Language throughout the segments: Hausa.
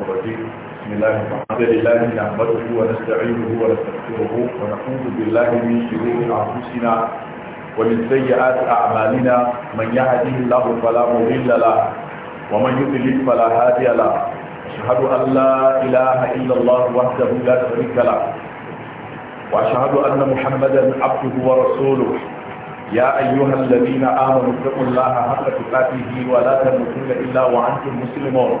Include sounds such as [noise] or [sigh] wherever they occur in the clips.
بسم الله الرحمن الرحيم نحمده ونستعينه ونستغفره ونعوذ بالله من شرور انفسنا ومن سيئات اعمالنا من يهده الله فلا مضل له ومن يضلل فلا هادي له اشهد ان لا اله الا الله وحده لا شريك له واشهد ان محمدا عبده ورسوله يا ايها الذين امنوا اتقوا الله حق تقاته ولا تموتن الا وانتم مسلمون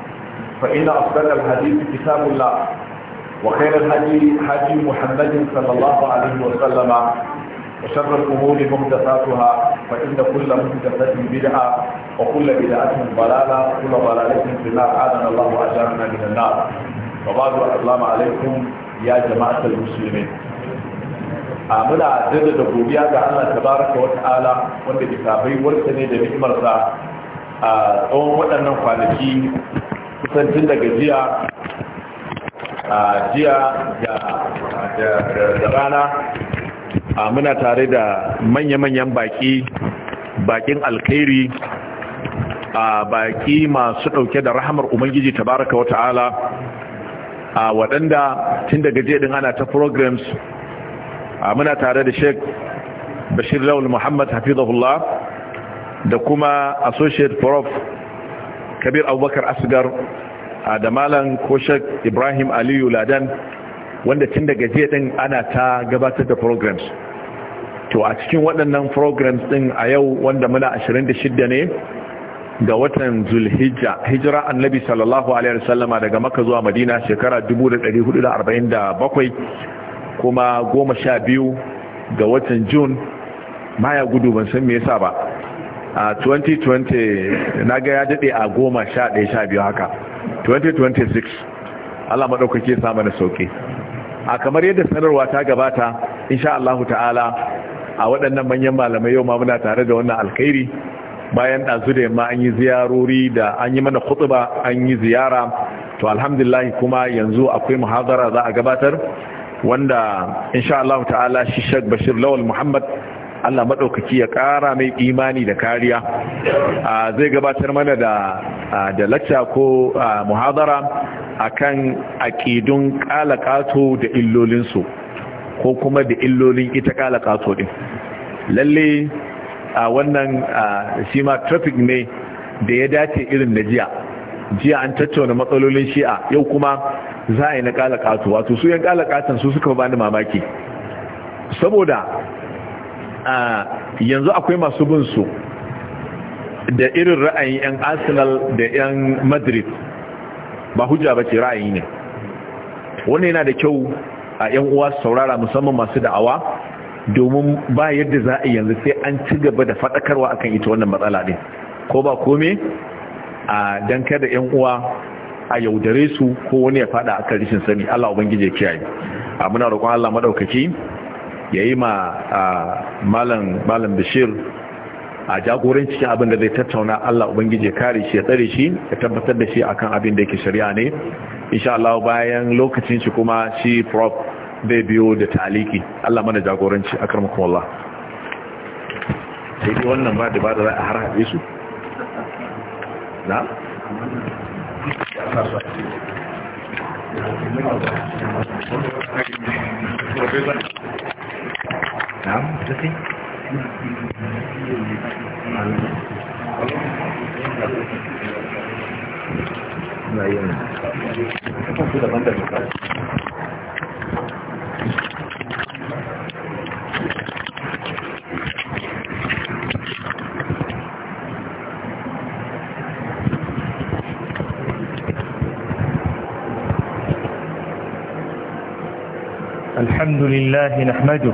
فإن أفضل الحديث كتاب الله وخير الهدي هدي محمد صلى الله عليه وسلم وشر الأمور محدثاتها فإن كل محدثة بدعة وكل بدعة ضلالة وكل ضلالة في النار أعاذنا الله وأجارنا من النار وبعد السلام عليكم يا جماعة المسلمين muna jaddada godiya ga Allah tabaraka wa ta'ala wanda bisa bai warsa ne da ni'imar sa a tsawon waɗannan kwanaki kusan tun daga jiya a jiya da rana a muna tare da manya-manyan baki bakin alkhairi a baki masu dauke da rahamar ubangiji tabaraka wa ta'ala a waɗanda tun daga jedin ana ta programs a muna tare da sheik bashir laul muhammad hafizahullah da kuma associate prof kabir abubakar asgar da malam koshek ibrahim aliyu ladan wanda tun daga jiya din ana ta gabatar da programs to a cikin waɗannan programs din a yau wanda muna 26 ne ga watan zulhijja hijira annabi sallallahu alaihi wasallama daga makka zuwa madina shekara 1447 kuma 12 ga watan june maya gudu ban san me yasa ba a 2020 na ga ya daɗe a goma sha ɗaya sha biyu haka 2026 Allah maɗaukake samu da sauƙi a kamar yadda sanarwa ta gabata insha Allahu ta'ala a waɗannan manyan malamai yau ma muna tare da wannan alkhairi bayan ɗazu da yamma an yi ziyarori da an yi mana kutuba an yi ziyara to alhamdulillah kuma yanzu akwai muhazara za a gabatar wanda insha Allah ta'ala shi Sheikh Bashir Lawal Muhammad Allah maɗaukaki ya ƙara mai imani da kariya zai gabatar mana da da lacca ko muhadara akan aƙidun ƙala ƙato da illolinsu ko kuma da illolin ita ƙato ɗin lalle a wannan shi ma traffic ne da ya dace irin da jiya jiya an tattauna matsalolin shi'a yau kuma za a yi na ƙalaƙato wato su yan ƙatan su suka ba ni mamaki saboda a yanzu akwai masu bin su da irin ra'ayin 'yan arsenal da 'yan madrid ba hujja ba ce ra'ayi ne Wani yana da kyau a 'yan uwa saurara musamman masu da'awa domin ba yadda za a yanzu sai an ci gaba da faɗakarwa akan ita wannan matsala ne, ko ba kome a don kada 'yan uwa a yaudare su ko wani ya faɗa akan rishin sani allah ubangiji ya kiyaye a muna roƙon allah maɗaukaki ya yi ma malam bashir a cikin abin da zai tattauna Allah Ubangiji ya kare shi ya tsare shi ya tabbatar da shi akan abin da yake shari'a ne insha Allah bayan lokacin shi kuma shi prof zai biyo da taliki Allah mana jagoranci kuma Allah sai wannan ba da ba da za a harhaɗe su na? نعم بتتي لا يوم الحمد لله نحمده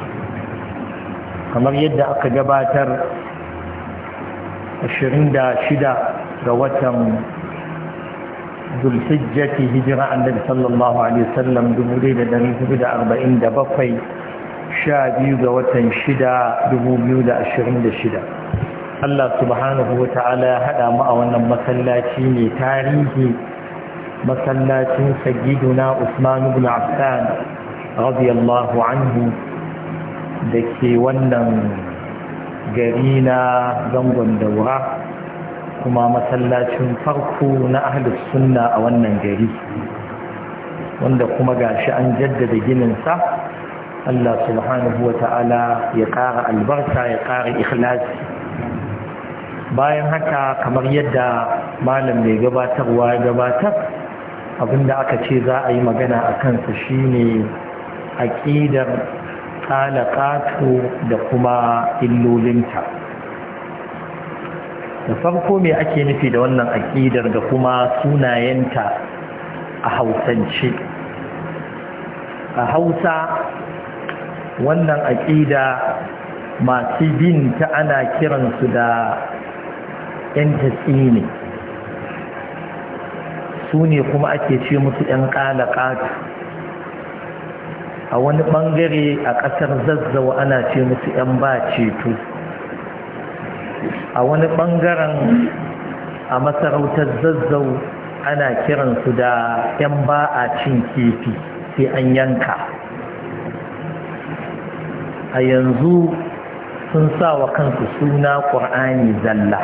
kamar yadda aka gabatar 26 ga watan zulhijjati hijira annabi sallallahu alaihi wasallam 1447 sha biyu ga watan 6 2026 Allah subhanahu wa ta'ala ya haɗa mu a wannan masallaci ne tarihi masallacin sagiduna Usman ibn Affan radiyallahu anhu da ke wannan gari na zangon daura kuma masallacin farko na ahlus sunna a wannan gari wanda kuma ga shi an jaddada ginin sa, Allah subhanahu wa ta'ala ya ƙara albarka ya ƙara ikhlasi bayan haka kamar yadda malam mai gabatarwa ya gabatar abinda aka ce za a yi magana a kansa shine aƙidar alhalaqatu da kuma illolinta da farko me ake nufi da wannan aƙidar da kuma sunayenta a hausance a hausa wannan aƙida masu bin ta ana kiransu da 'yan tasiri su ne kuma ake ce musu 'yan ƙalaƙatu a wani bangare a ƙasar zazzawa ana ce musu 'yan ba ceto a wani bangaren a masarautar zazzau ana kiransu da 'yan ba a cin kifi sai an yanka a yanzu sun sa wa kansu suna ƙur'ani zalla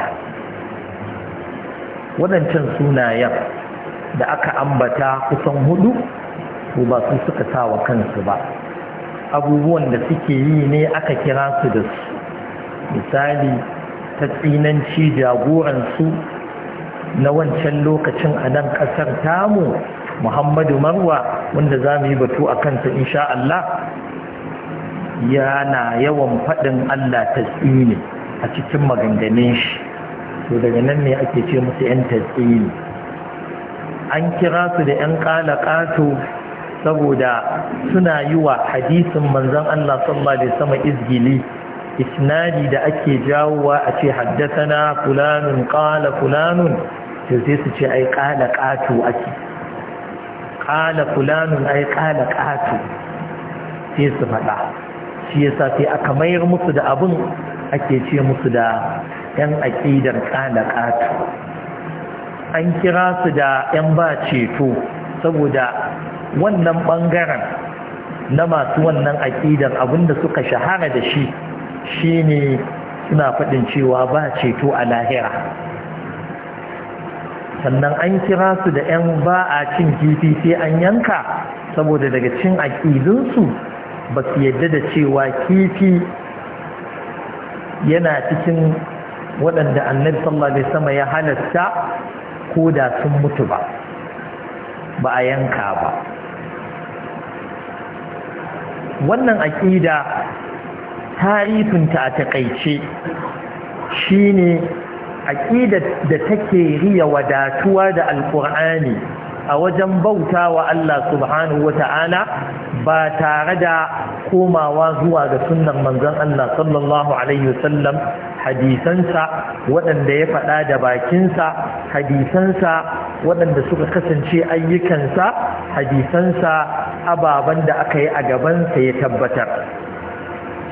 waɗancan sunayen da aka ambata kusan hudu to ba su suka sa wa kansu ba abubuwan da suke yi ne aka kira su da su misali ta tsinanci jagoransu na wancan lokacin a nan ƙasar tamu muhammadu marwa wanda za mu yi batu a kansa insha Allah yana yawan faɗin Allah ta tsini a cikin maganganin shi to daga nan ne ake ce musu 'yan ta an kira su da 'yan ƙala ƙato saboda suna yi wa hadisin manzon Allah sallallahu alaihi wasallam izgili isnadi da ake jawowa a ce haddathana fulanun qala fulanun sai su ce ai qala qatu ake qala fulanun ai qala qatu sai su faɗa shi yasa sai aka mayar musu da abun ake ce musu da yan aqidar qala qatu an kira su da yan ba ceto saboda wannan ɓangaren na masu wannan aƙidar abinda suka shahara da shi shine suna faɗin cewa ba ceto a lahira sannan an kira su da 'yan ba a cin kifi sai an yanka saboda daga cin aƙidinsu ba su yadda da cewa kifi yana cikin waɗanda annabi sallallahu alaihi sama ya halatta ko da sun mutu ba ba a yanka ba wannan aƙida tarifinta a taƙaice shine aƙidar da take riya wadatuwa da alƙur'ani a wajen bauta wa Allah subhanahu wa ta'ala ba tare da komawa zuwa ga sunnan manzon Allah sallallahu alaihi wasallam hadisansa waɗanda ya faɗa da bakinsa hadisansa waɗanda suka kasance ayyukansa hadisansa ababen da aka yi a gabansa ya tabbatar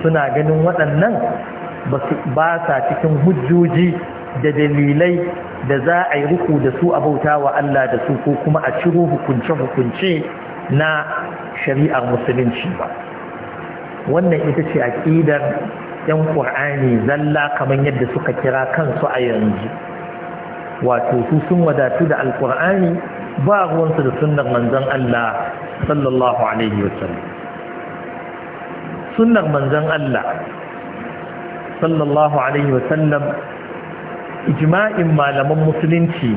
suna ganin waɗannan ba sa cikin hujjoji da dalilai da za a yi ruku da su a bauta wa Allah da su ko kuma a ciro hukunce-hukunce na shari'ar musulunci ba wannan ita ce aƙidar yan ƙur'ani zalla kamar yadda suka kira kansu a yanzu wato su sun wadatu da alƙur'ani ba ruwansu da sunnar manzon Allah sallallahu alaihi wasallam sunnar manzon Allah sallallahu alaihi wasallam ijma'in malaman musulunci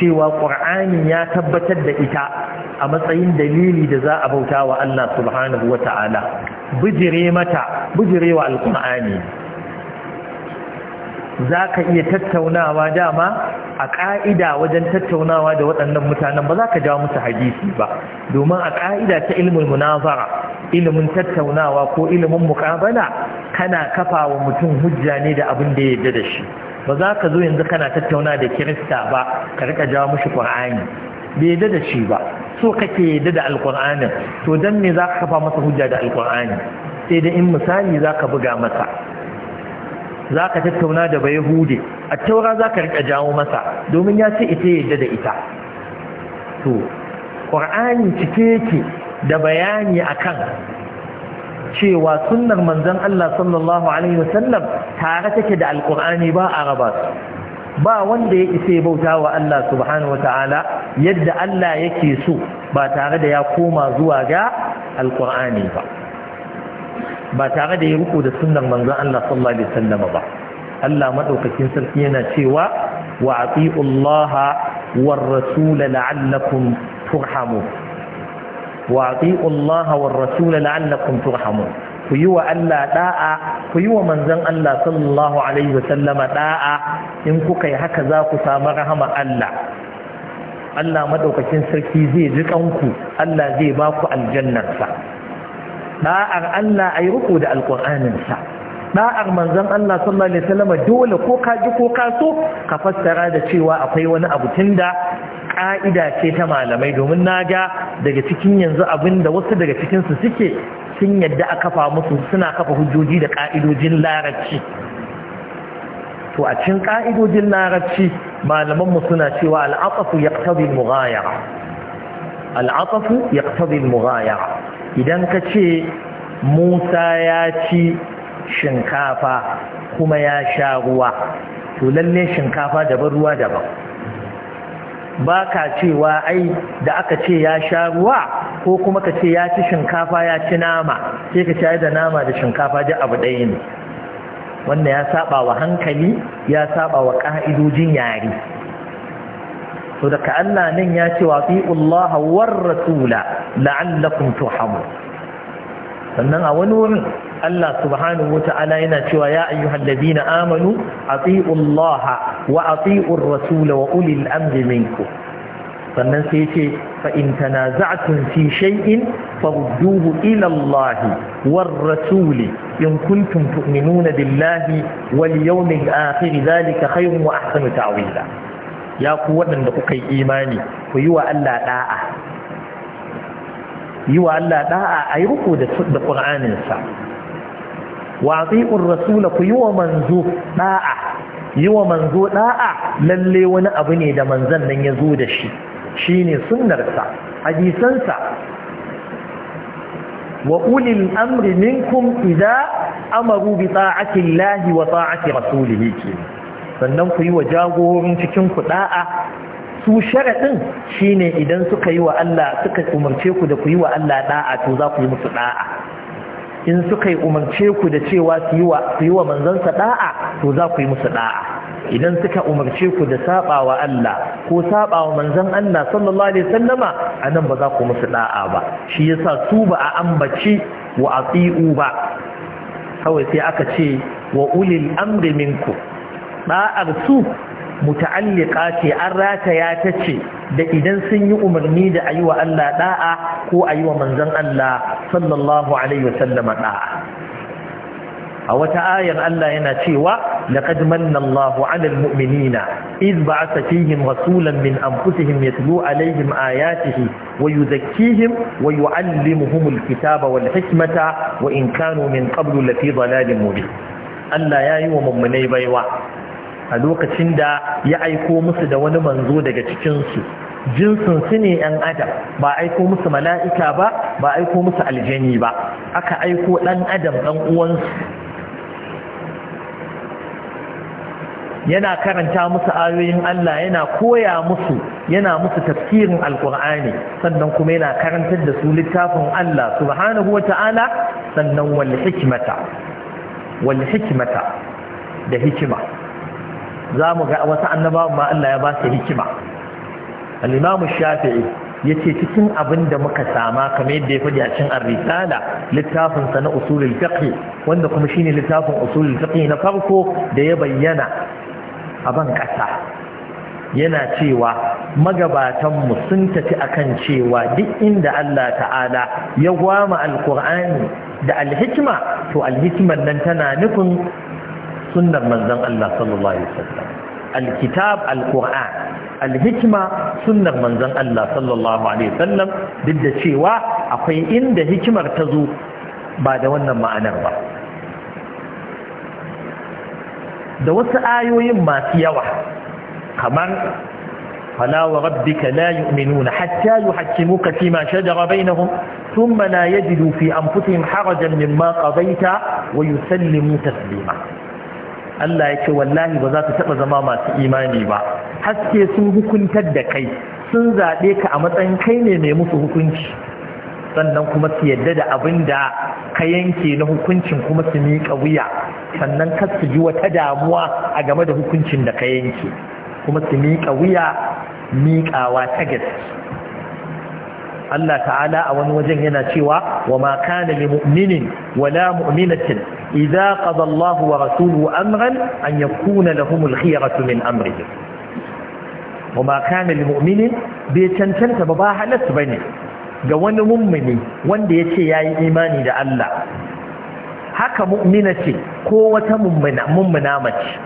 cewa ƙur'ani ya tabbatar da ita a matsayin dalili da za a bauta wa Allah subhanahu wa ta'ala bijire mata bijirewa alƙur'ani za ka iya tattaunawa dama a ƙa'ida wajen tattaunawa da waɗannan mutanen ba za ka jawo musu hadisi ba domin a ƙa'ida ta ilimin munazara ilimin tattaunawa ko ilimin muƙabala kana kafa wa mutum hujja ne da abin da ya yarda da shi ba za ka zo yanzu kana tattauna da kirista ba ka rika jawo mushi ƙur'ani bai yadda da shi ba so kake yarda da alƙur'anin to don me za ka kafa masa hujja da alƙur'ani sai da in misali za ka buga masa za ka tattauna da bai hude a taura za ka rika jawo masa domin ya ce ita yadda da ita to ƙwar'ani cike yake da bayani akan cewa sunnar manzon Allah sallallahu alaihi wasallam tare take da alƙur'ani ba a raba su ba wanda ya isa bauta wa Allah subhanahu wataala yadda Allah yake so ba tare da ya koma zuwa ga alƙur'ani ba ba tare da ya riko da sunan manzon Allah sallallahu alaihi wasallam ba Allah madaukakin sarki yana cewa wa atiu Allah war rasul la'allakum turhamun wa atiu Allah war rasul la'allakum turhamun ku yi wa Allah da'a ku yi wa manzon Allah sallallahu alaihi wasallama da'a in kuka yi haka za ku samu rahama Allah Allah madaukakin sarki zai ji kanku Allah zai ba ku aljannarsa da'ar Allah ayi ruku da alƙur'aninsa da'ar manzon Allah sallallahu alaihi wasallam dole ko ka ji ko ka so ka fassara da cewa akwai wani abu tunda ƙa'ida ce ta malamai domin na ga daga cikin yanzu abinda wasu daga cikinsu suke sun yadda a kafa musu suna kafa hujjoji da ka'idojin larabci to a cikin ka'idojin larabci malamanmu suna cewa al'aqafu yaqtadi al-mughayara yaqtadi al-mughayara idan ka ce musa ya ci shinkafa kuma ya sha ruwa to lalle shinkafa daban ruwa daban ba ka cewa ai da aka ce ya sha ruwa ko kuma ka ce ya ci shinkafa ya ci nama sai ka ci da nama da shinkafa duk abu ɗaya ne wannan ya saba wa hankali ya saba wa ƙa'idojin yare to daga Allah nan ya ce wa Allah war rasula la'allakum turhamun sannan a wani wurin Allah subhanahu wata'ala yana cewa ya ayyuhal ladina amanu ati'u Allah wa ati'u ar-rasula wa ulil amri minku. sannan sai ce fa in tanaza'tum fi shai'in farudduhu ila Allah war rasuli in kuntum tu'minuna billahi wal yawmil akhir dhalika khayrun wa ahsanu ta'wila ya ku waɗanda kuka yi imani ku yi wa Allah da'a yi wa Allah da'a a yi ruku da ƙur'aninsa wa atiqur rasula ku yi wa manzo ɗa'a yi wa manzo da'a lalle wani abu ne da manzan nan ya zo da shi shine sunnarsa hadisansa wa ulil amri minkum idza amaru bi ta'ati Allah wa ta'ati rasulih kenan sannan ku yi wa jagorin cikin ku su sharaɗin shine idan suka yi wa Allah suka umarce ku da ku yi wa Allah da'a to za ku yi musu da'a in suka yi umarce ku da cewa su yi wa manzansa da'a to za ku yi musu da'a idan suka umarce ku da saba wa Allah ko saba wa manzon Allah sallallahu alaihi wasallama anan ba za ku musu da'a ba shi yasa su ba a ambaci wa ati'u ba kawai sai aka ce wa ulil amri minkum da'ar su muta'alliqa ce an rataya ta ce da idan sun yi umarni da ayi wa Allah da'a ko ayi wa manzon Allah sallallahu alaihi wasallam da'a a wata ayar Allah yana cewa laqad manna Allahu 'alal mu'minina iz ba'atha fihim rasulan min anfusihim yatlu 'alayhim ayatihi wa yu wa yu'allimuhumul kitaba wal hikmata wa in kanu min qablu lafi dhalalin mubin Allah yayi wa mummunai baiwa a lokacin da ya aiko musu da wani manzo daga cikinsu jinsin su ne ‘yan adam ba aiko musu mala'ika ba ba aiko musu aljani ba aka aiko ɗan adam ɗan uwansu yana karanta musu ayoyin Allah yana koya musu yana musu tafsirin alkur'ani sannan kuma yana karantar da su littafin Allah subhanahu wa ta'ala sannan wal hikmata wal hikmata da hikima za mu ga wasu annabawan ma Allah ya ba su hikima al-imamu shafi'i ce cikin abin da muka sama kamar yadda ya faɗi a cikin ar-risala na usulul wanda kuma shine littafin usulul fiqh na farko da ya bayyana a ban yana cewa magabatanmu sun tafi akan cewa duk inda Allah ta'ala ya gwama alkur'ani da alhikima to alhikimar nan tana nufin sunnar manzon Allah sallallahu alaihi wasallam alkitab alquran alhikma sunnar manzon Allah sallallahu alaihi wasallam duk da cewa akwai inda hikimar ta zo ba da wannan ma'anar ba da wasu ayoyin masu yawa kamar فلا وربك لا يؤمنون حتى يحكموك فيما شجر بينهم ثم لا يجدوا في أنفسهم حرجا مما قضيت ويسلموا تسليما Allah ya ce wallahi ba za su taɓa zama masu imani ba haske sun hukuntar da kai sun zaɓe ka a matsayin kai ne mai musu hukunci sannan kuma su yadda da abin da ka yanke na hukuncin kuma su miƙa wuya sannan kar su ji wata damuwa a game da hukuncin da ka yanke kuma su miƙa wuya miƙawa ta gaske Allah ta'ala a wani wajen yana cewa wa ma kana li mu'minin wala mu'minatin idza qada Allahu wa rasuluhu amran an yakuna lahumul khiyaratu min amrihim wa ma kana li mu'minin bai cancanta ba ba halas bane ga wani mu'mini wanda yace yayi imani da Allah haka mu'mina ko wata mummuna mace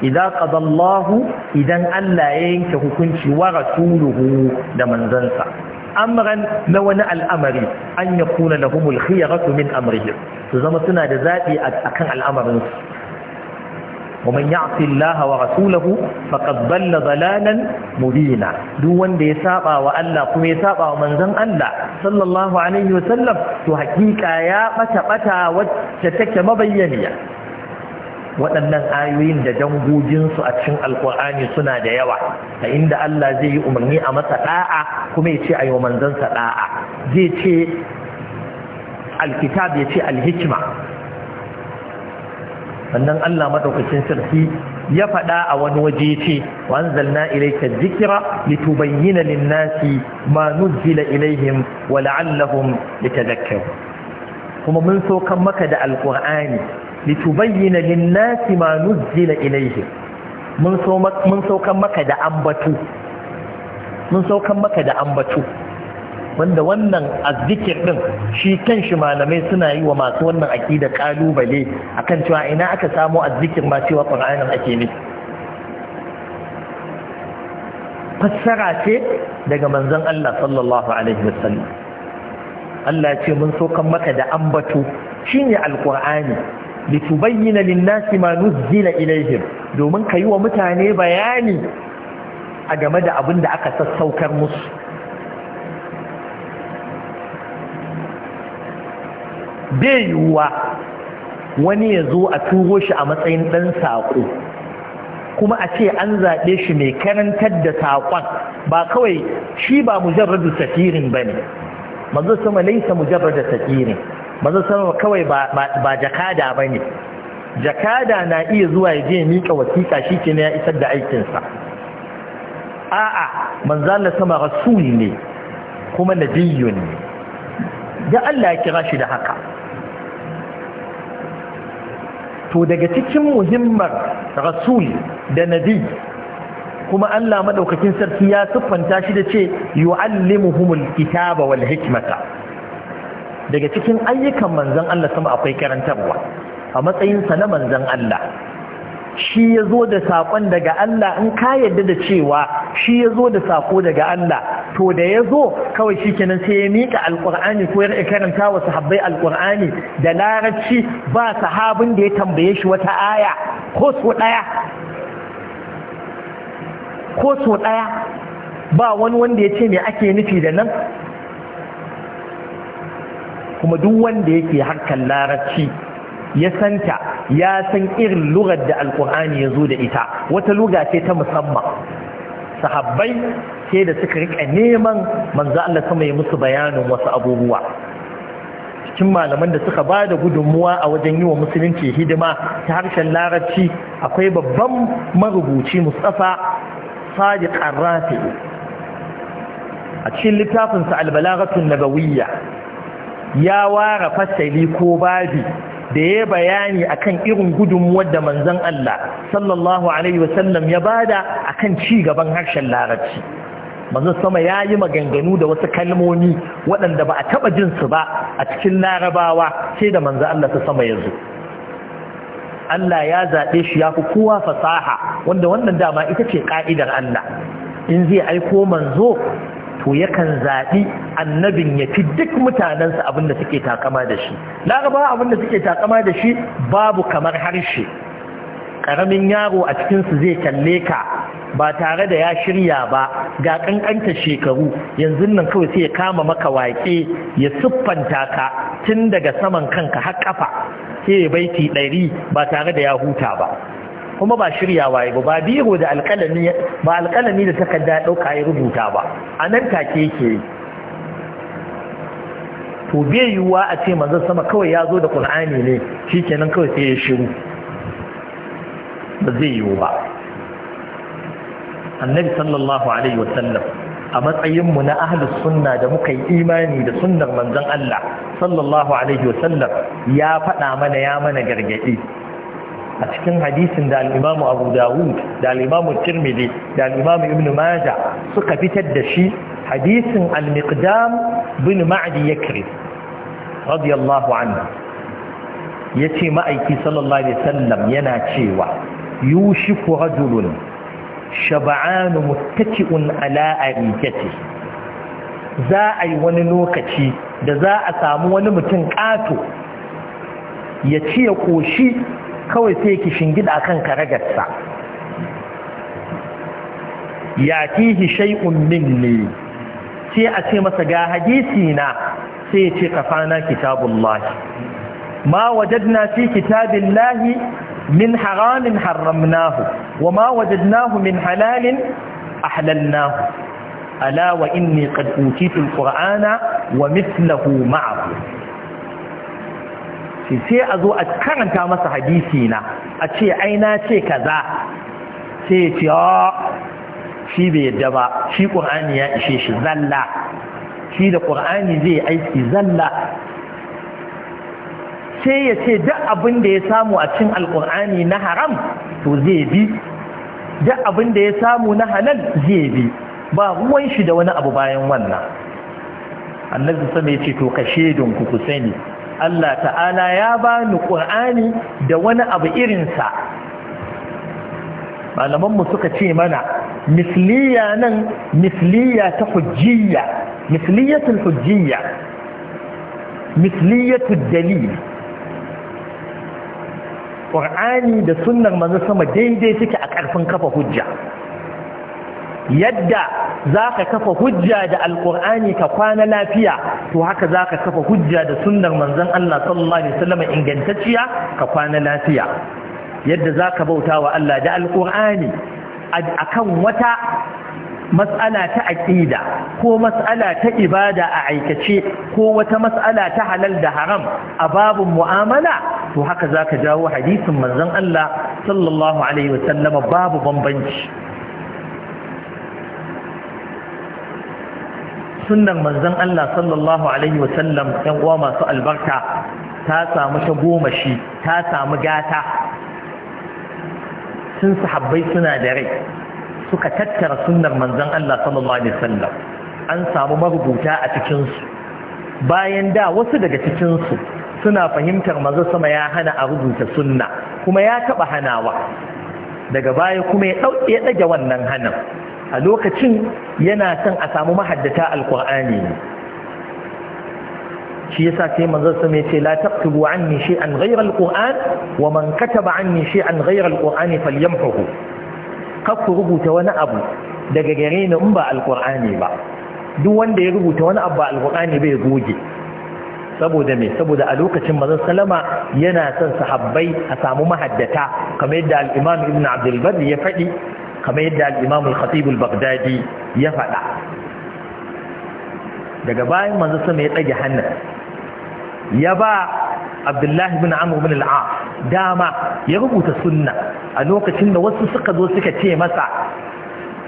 idan qadallahu idan Allah ya yanke hukunci wa rasuluhu da manzansa amran na wani al'amari an ya kuna na humul khiyaratu min amrihim su zama suna da zaɓi a kan al'amarinsu ومن يعص الله ورسوله فقد ضل ضلالا مبينا duk wanda ya saba wa Allah kuma ya saba wa manzon Allah sallallahu alaihi wasallam to hakika ya bata bata wacce take mabayyaniya waɗannan ayoyin da dangoginsu a cikin alkur'ani suna da yawa a inda Allah zai yi umarni a masa ɗa'a kuma ya ce a yi wa manzansa ɗa'a zai ce alkitab ya ce alhikima Wannan Allah maɗaukacin sarki ya faɗa a wani waje ce wanzalna ilaika zikira litubayyana linnasi nasi ma nuzila ilayhim wa la'allahum yatadhakkarun kuma mun saukan maka da alkur'ani لتبين linnati ma nuzila ilayhi mun saukan maka da ambatu mun saukan maka da ambatu wanda wannan azzikir din shi kanshi malamai suna yi wa masu wannan akida kalubale akan cewa ina aka samo azzikir ma cewa qur'anin ake ne fassara ce daga manzon Allah sallallahu alaihi wasallam Allah ce mun saukan maka da ambatu shine alqur'ani litubayyana lin-nasi ma nuzila ilayhim domin kai wa mutane bayani a game da abin da aka sassaukar musu bai yiwuwa wani ya zo a turo shi a matsayin ɗan saƙo kuma a ce an zaɓe shi mai karantar da saƙon ba kawai shi ba mujarradu safirin ba ne manzo sama laisa mujarradu safirin manzon sama kawai ba ba jakada bane jakada na iya zuwa ya je ya mika wasiƙa shikenan ya isar da aikinsa. sa a'a manzon sama rasul ne kuma nabiyyu ne da Allah ya kira shi da haka to daga cikin muhimmar rasul da nabi kuma Allah madaukakin sarki ya siffanta shi da ce yu'allimuhumul kitaba wal hikmata daga cikin ayyukan manzan Allah sama akwai karantarwa a matsayinsa na manzan Allah shi ya zo da saƙon daga Allah in ka yadda da cewa shi ya zo da saƙo daga Allah to da ya zo kawai shi kenan sai ya miƙa alƙur'ani ko ya karanta wa sahabbai alƙur'ani da larabci ba sahabin da ya tambaye shi wata aya ko su ɗaya ko su ɗaya ba wani wanda ya ce me ake nufi da nan kuma duk wanda yake harkar larabci ya santa ya san irin lugar da alkur'ani ya zo da ita wata luga ce ta musamman sahabbai ke da suka rika neman manzo Allah sama ya musu bayanin wasu abubuwa cikin malaman da suka ba da gudunmuwa a wajen yi wa musulunci hidima ta harshen larabci akwai babban marubuci mustafa sadiq arrafi a cikin littafinsa albalaghatun nabawiyya ya ware fasali ko babi da ya bayani akan irin gudunmuwar da manzon Allah sallallahu alaihi wasallam ya bada akan ci gaban harshen larabci manzon sama ya yi maganganu da wasu kalmomi waɗanda ba a taɓa jin su ba a cikin larabawa sai da manzon Allah ta sama ya zo Allah ya zaɓe shi ya fi kowa fasaha wanda wannan dama ita ce ƙa'idar Allah in zai aiko manzo to yakan zaɓi annabin ya fi duk mutanensa abinda suke takama da shi laraba abinda suke takama da shi babu kamar harshe ƙaramin yaro a cikinsu zai kalle ka ba tare da ya shirya ba ga ƙanƙanta shekaru yanzu nan kawai sai ya kama maka waƙe ya siffanta ka tun daga saman kanka har kafa sai ya baiti ɗari ba tare da ya huta ba kuma ba shiryawa ya ba biro da alƙalami ba alƙalami da takarda ɗauka ya rubuta ba a nan take yake to bai yiwuwa a ce manzon sama kawai ya zo da ƙur'ani ne shikenan kawai sai ya shiru ba zai yiwu ba annabi sallallahu alaihi wasallam a matsayinmu na ahlus sunna da muka yi imani da sunnar manzon Allah sallallahu alaihi wasallam ya faɗa mana ya mana gargaɗi a cikin hadisin da al'imamu abu dawud da al'imamu tirmidhi da al'imamu ibn maja suka fitar da shi hadisin al-miqdam bin ma'adi yakri radiyallahu ya yace ma'aiki sallallahu alaihi sallam yana cewa yushiku rajulun shab'an muttaki'un ala arikati za a yi wani lokaci da za a samu wani mutum ƙato ya ci ya ƙoshi kawai sai ki shingida akan karagarsa ya tihi shay'un minni sai a ce masa ga hadisi na sai ya ce kafana kitabullah ma wajadna fi kitabillahi min haramin haramnahu wa ma wajadnahu min halalin ahlalnahu ala wa inni qad utitu alqur'ana wa mithluhu ma'ahu hadisi sai a zo a karanta masa hadisi na a ce aina ce kaza sai ya shi bai yadda ba shi ƙur'ani ya ishe shi zalla shi da ƙur'ani zai aiki zalla sai ya ce duk abin da ya samu a cin alƙur'ani na haram to zai bi duk abin da ya samu na halal zai bi ba ruwan shi da wani abu bayan wannan annabi sama ya ce to ka shaidun ku ku sani Allah ta'ala ya ba ni ƙur'ani da wani abu irinsa malamanmu suka ce mana misliya nan misliya ta hujjiyya misliyatul hujjiyya misliyatul dalil ƙur'ani da sunnar manzo sama daidai take a ƙarfin kafa hujja yadda za ka kafa hujja da alƙur'ani ka kwana lafiya to haka za ka kafa hujja da sunnar manzon Allah sallallahu alaihi wasallam ingantacciya ka kwana lafiya yadda za ka bauta wa Allah da alƙur'ani a kan wata mas'ala ta aƙida ko mas'ala ta ibada a aikace ko wata mas'ala ta halal da haram a babin mu'amala to haka za ka jawo hadisin manzon Allah sallallahu alaihi wasallam babu bambanci sunnar manzon Allah sallallahu alaihi wasallam ɗan uwa masu albarka ta samu ta goma shi ta samu gata sun sahabbai suna da rai suka tattara sunnar manzon Allah sallallahu alaihi wasallam an samu marubuta a cikinsu bayan da wasu daga cikinsu suna fahimtar manzo sama ya hana a rubuta sunna kuma ya taba hanawa daga baya kuma ya ɗage wannan hanan a lokacin yana son a samu mahaddata alkur'ani shi yasa sai manzon sa mai ce la taktubu anni shay'an ghayra alquran wa man kataba anni shay'an ghayra alqur'ani falyamhuhu kafu rubuta wani abu daga gare ni in ba alqur'ani ba duk wanda ya rubuta wani abu ba alqur'ani bai goge saboda me saboda a lokacin manzon salama yana son sahabbai a samu mahaddata kamar yadda al-imam ibn abdul ya faɗi kamar yadda al-imam al-khatib al ya faɗa daga bayan manzo sama ya tsage hannun ya ba abdullahi bin amr bin al dama ya rubuta sunna a lokacin da wasu suka zo suka ce masa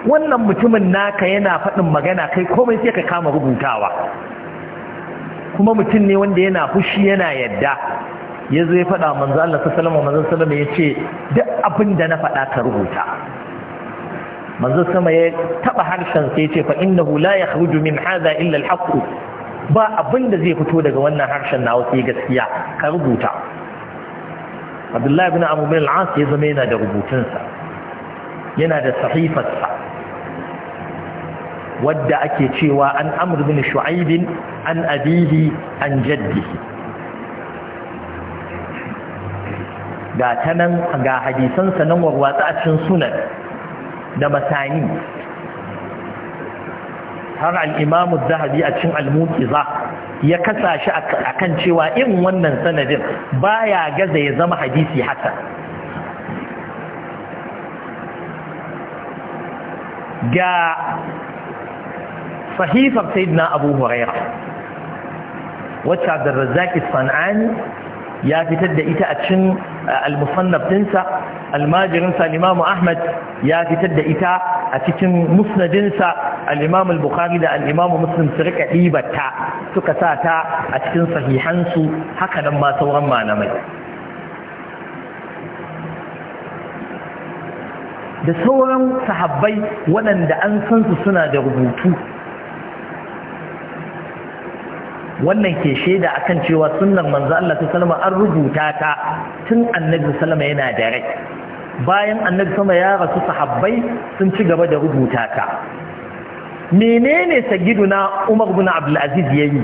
wannan mutumin naka yana faɗin magana kai komai sai ka kama rubutawa kuma mutum ne wanda yana fushi yana yadda ya zo ya faɗa manzo Allah sallallahu ya ce duk abin da na faɗa ka rubuta manzo sama ya taba harshen sai ce fa innahu la yakhruju min hadha illa al-haqq ba abinda zai fito daga wannan harshen nawa sai gaskiya ka rubuta Abdullahi ibn Amr bin al-As ya zama yana da rubutunsa yana da sahifarsa wadda ake cewa an Amr bin Shu'aib an abihi an jaddihi ga tanan ga nan warwatsa a cikin sunan da matani har al'imamu zahabi a cin almukiza ya kasa shi a kan cewa irin wannan sanadin baya gaza ya zama hadisi haka ga sahifar sayidina abu huraira wacce da razaki san'ani ya fitar da ita a cikin al-musannaf dinsa almajirin sa Imam Ahmad ya fitar da ita a cikin musnadin sa al-Imam al-Bukhari da al-Imam Muslim su rika dibata suka sa ta a cikin sahihan su haka nan ma sauran malamai da sauran sahabbai waɗanda an san su suna da rubutu wannan ke shaida akan cewa sunnan manzo Allah ta salama an rubuta ta tun annabi salama yana da rai bayan annabi sama ya rasu sahabbai sun ci gaba da rubuta ta menene sagiduna Umar bin Abdul Aziz yayi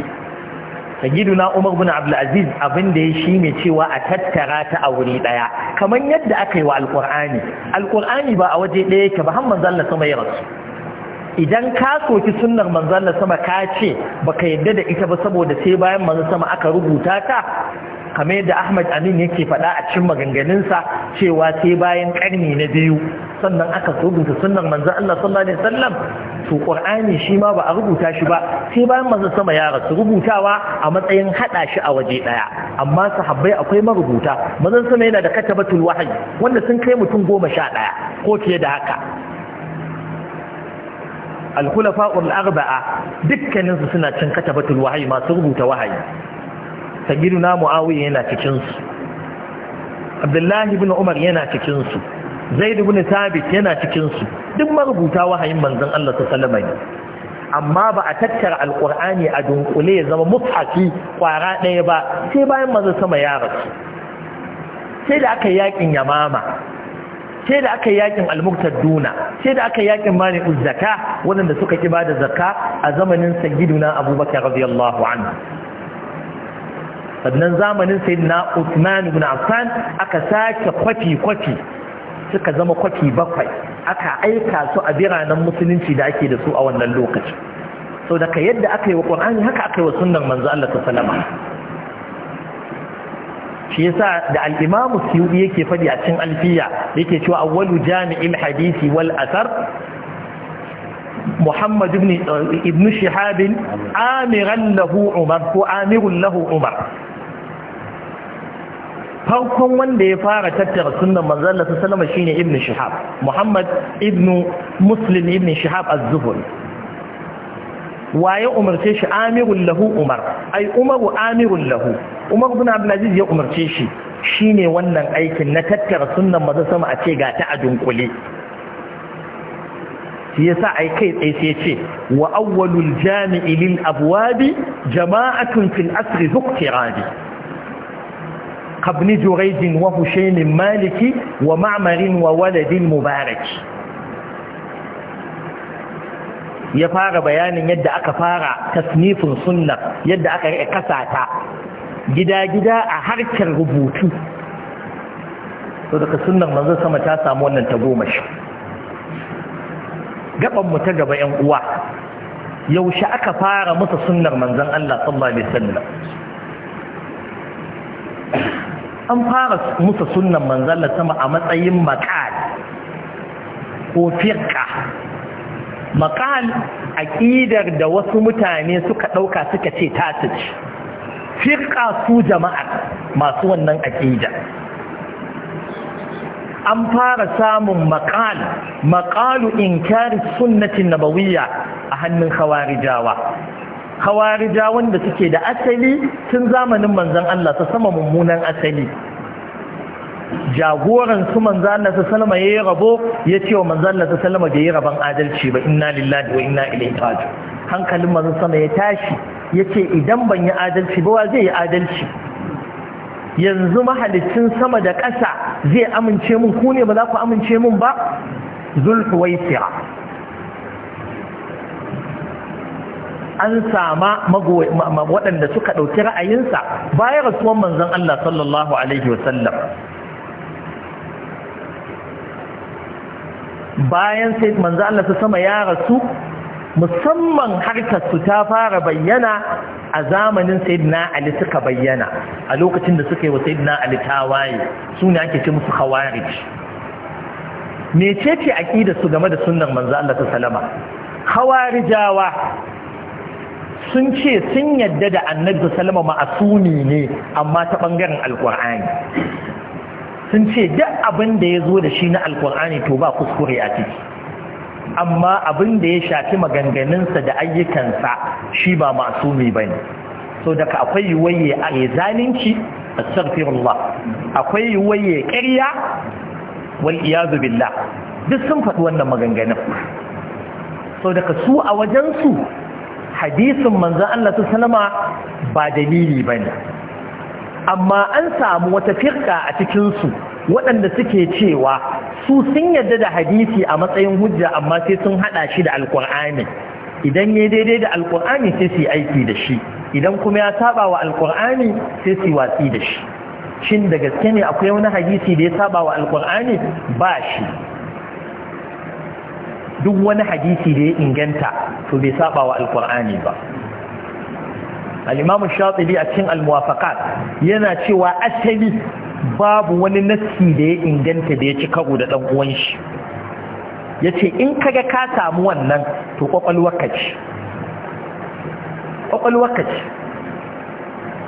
sagiduna Umar bin Abdul Aziz abin da ya shine cewa a tattara ta a wuri daya kamar yadda aka yi wa alqur'ani alqur'ani ba a waje daya yake ba har manzo Allah sama ya rasu idan ka soki sunnar manzon Allah sama ka ce baka yadda da ita ba saboda sai bayan manzon sama aka rubuta ta kamar yadda Ahmad Amin yake faɗa a cikin maganganunsa cewa sai bayan karni na biyu sannan aka rubuta sunnar manzon Allah sallallahu alaihi wasallam to Qur'ani shi ma ba a rubuta shi ba sai bayan manzon sama ya rasu rubutawa a matsayin hada shi a waje daya amma sahabbai akwai marubuta manzon sama yana da katabatul wahyi wanda sun kai mutum goma sha ɗaya ko fiye da haka al-khulafa'ul arba'a dukkaninsu suna cin katabatul wahayi masu rubuta wahayi na muawiya yana cikinsu. abdullahi ibn umar yana cikinsu. Zaidu zaid ibn yana cikinsu. duk marubuta wahayin manzon Allah su alaihi wasallam amma ba a tattara alkur'ani a dunkule ya zama mutaki kwara ɗaya ba sai bayan maza sama ya rasu sai da aka yakin yamama sai da aka yakin almuqtadduna sai da aka yakin mani uzzaka wanda suka ki bada zaka a zamanin sayyiduna abubakar radiyallahu anhu sannan zamanin sayyidina usman ibn affan aka sake kwafi kwafi suka zama kwafi bakwai aka aika su a biranen musulunci da ake da su a wannan lokaci sau daga yadda aka yi wa ƙwar'ani haka aka yi wa sunan manzo Allah ta salama shi yasa da al-imam suyuti yake fadi a cikin alfiya yake cewa awwalu jami'il hadisi wal asar محمد بن ابن شهاب عامرا Umar. farkon wanda ya fara tattara sunan manzon Allah sallallahu alaihi wasallam shine ibn shihab muhammad ibn muslim ibn shihab az-zuhri waye umarce shi amirul lahu umar ai umaru amirul lahu umar ibn abdulaziz ya umarce shi shine wannan aikin na tattara sunnan maza sama a ce ga ta a dunkule shi yasa ai kai tsaye sai ce wa awwalul jami'i lil abwabi jama'atun fil asri zuqtiradi kabni jurayj wa husayn maliki wa mamarin wa waladin mubarak ya fara bayanin yadda aka fara tasnifin sunna yadda aka riƙa kasata gida-gida a harkar rubutu to daga sunnan manzo sama ta samu wannan ta goma shi gaban mu ta gaba ƴan uwa yaushe aka fara musu sunnar manzon Allah sallallahu alaihi wasallam an fara musu sunnan manzon Allah sama a matsayin maqal ko fiqh maqal aqidar da wasu mutane suka dauka suka ce ta ci firqa su jama'a masu wannan aqida an fara samun maqal maqalu inkari sunnati nabawiyya a hannun khawarijawa khawarijawan da suke da asali tun zamanin manzon Allah sa sama mummunan asali jagoran su manzo Allah sallallahu alaihi ya rabo ya ce wa manzo Allah sallallahu alaihi bai yi rabon adalci ba inna lillahi wa inna ilaihi raji'un hankalin manzo sama ya tashi ya ce idan ban yi adalci ba wa zai yi adalci yanzu mahalicin sama da ƙasa zai amince mun ku ne ba za ku amince mun ba zulhuwaisira an sama waɗanda suka ɗauki ra'ayinsa bayan rasuwan manzon Allah sallallahu alaihi wasallam bayan sai manzo Allah ta sama ya rasu musamman harkar su ta fara bayyana a zamanin sayyidina Ali suka bayyana a lokacin da suka yi wa sayyidina Ali tawaye sune ake ce musu khawarij mecece aqida su game da sunnar manzo Allah ta salama, khawarijawa sun ce sun yadda da annabi sallama ma'asumi ne amma ta bangaren alqur'ani sun ce duk abin da ya zo da shi na alkur'ani to ba kuskure a ciki amma abin da ya shafi maganganunsa da ayyukansa shi ba masu ba ne so daga akwai waye a yi zalunci a sarfirullah akwai ya karya? wal iyazu billah duk sun faɗi wannan maganganun so daga su a wajensu hadisin manzan Allah su salama ba dalili ba ne amma an samu wata firka a cikinsu waɗanda suke cewa su sun yadda da hadisi a matsayin hujja amma sai sun haɗa shi da alƙur'ani idan ya daidai da alƙur'ani sai su aiki da shi idan kuma ya saba wa alƙur'ani sai su watsi da shi shin da gaske ne akwai wani hadisi da ya saba wa alkur'ani ba shi duk wani hadisi da ya inganta to bai saba wa alkur'ani ba al-imamu shatibi a cikin al-muwafaqat yana cewa asali babu wani nassi da ya inganta da ya ci karo da dan uwan shi yace in kaga ka samu wannan to kwakwalwar ka ce ka ce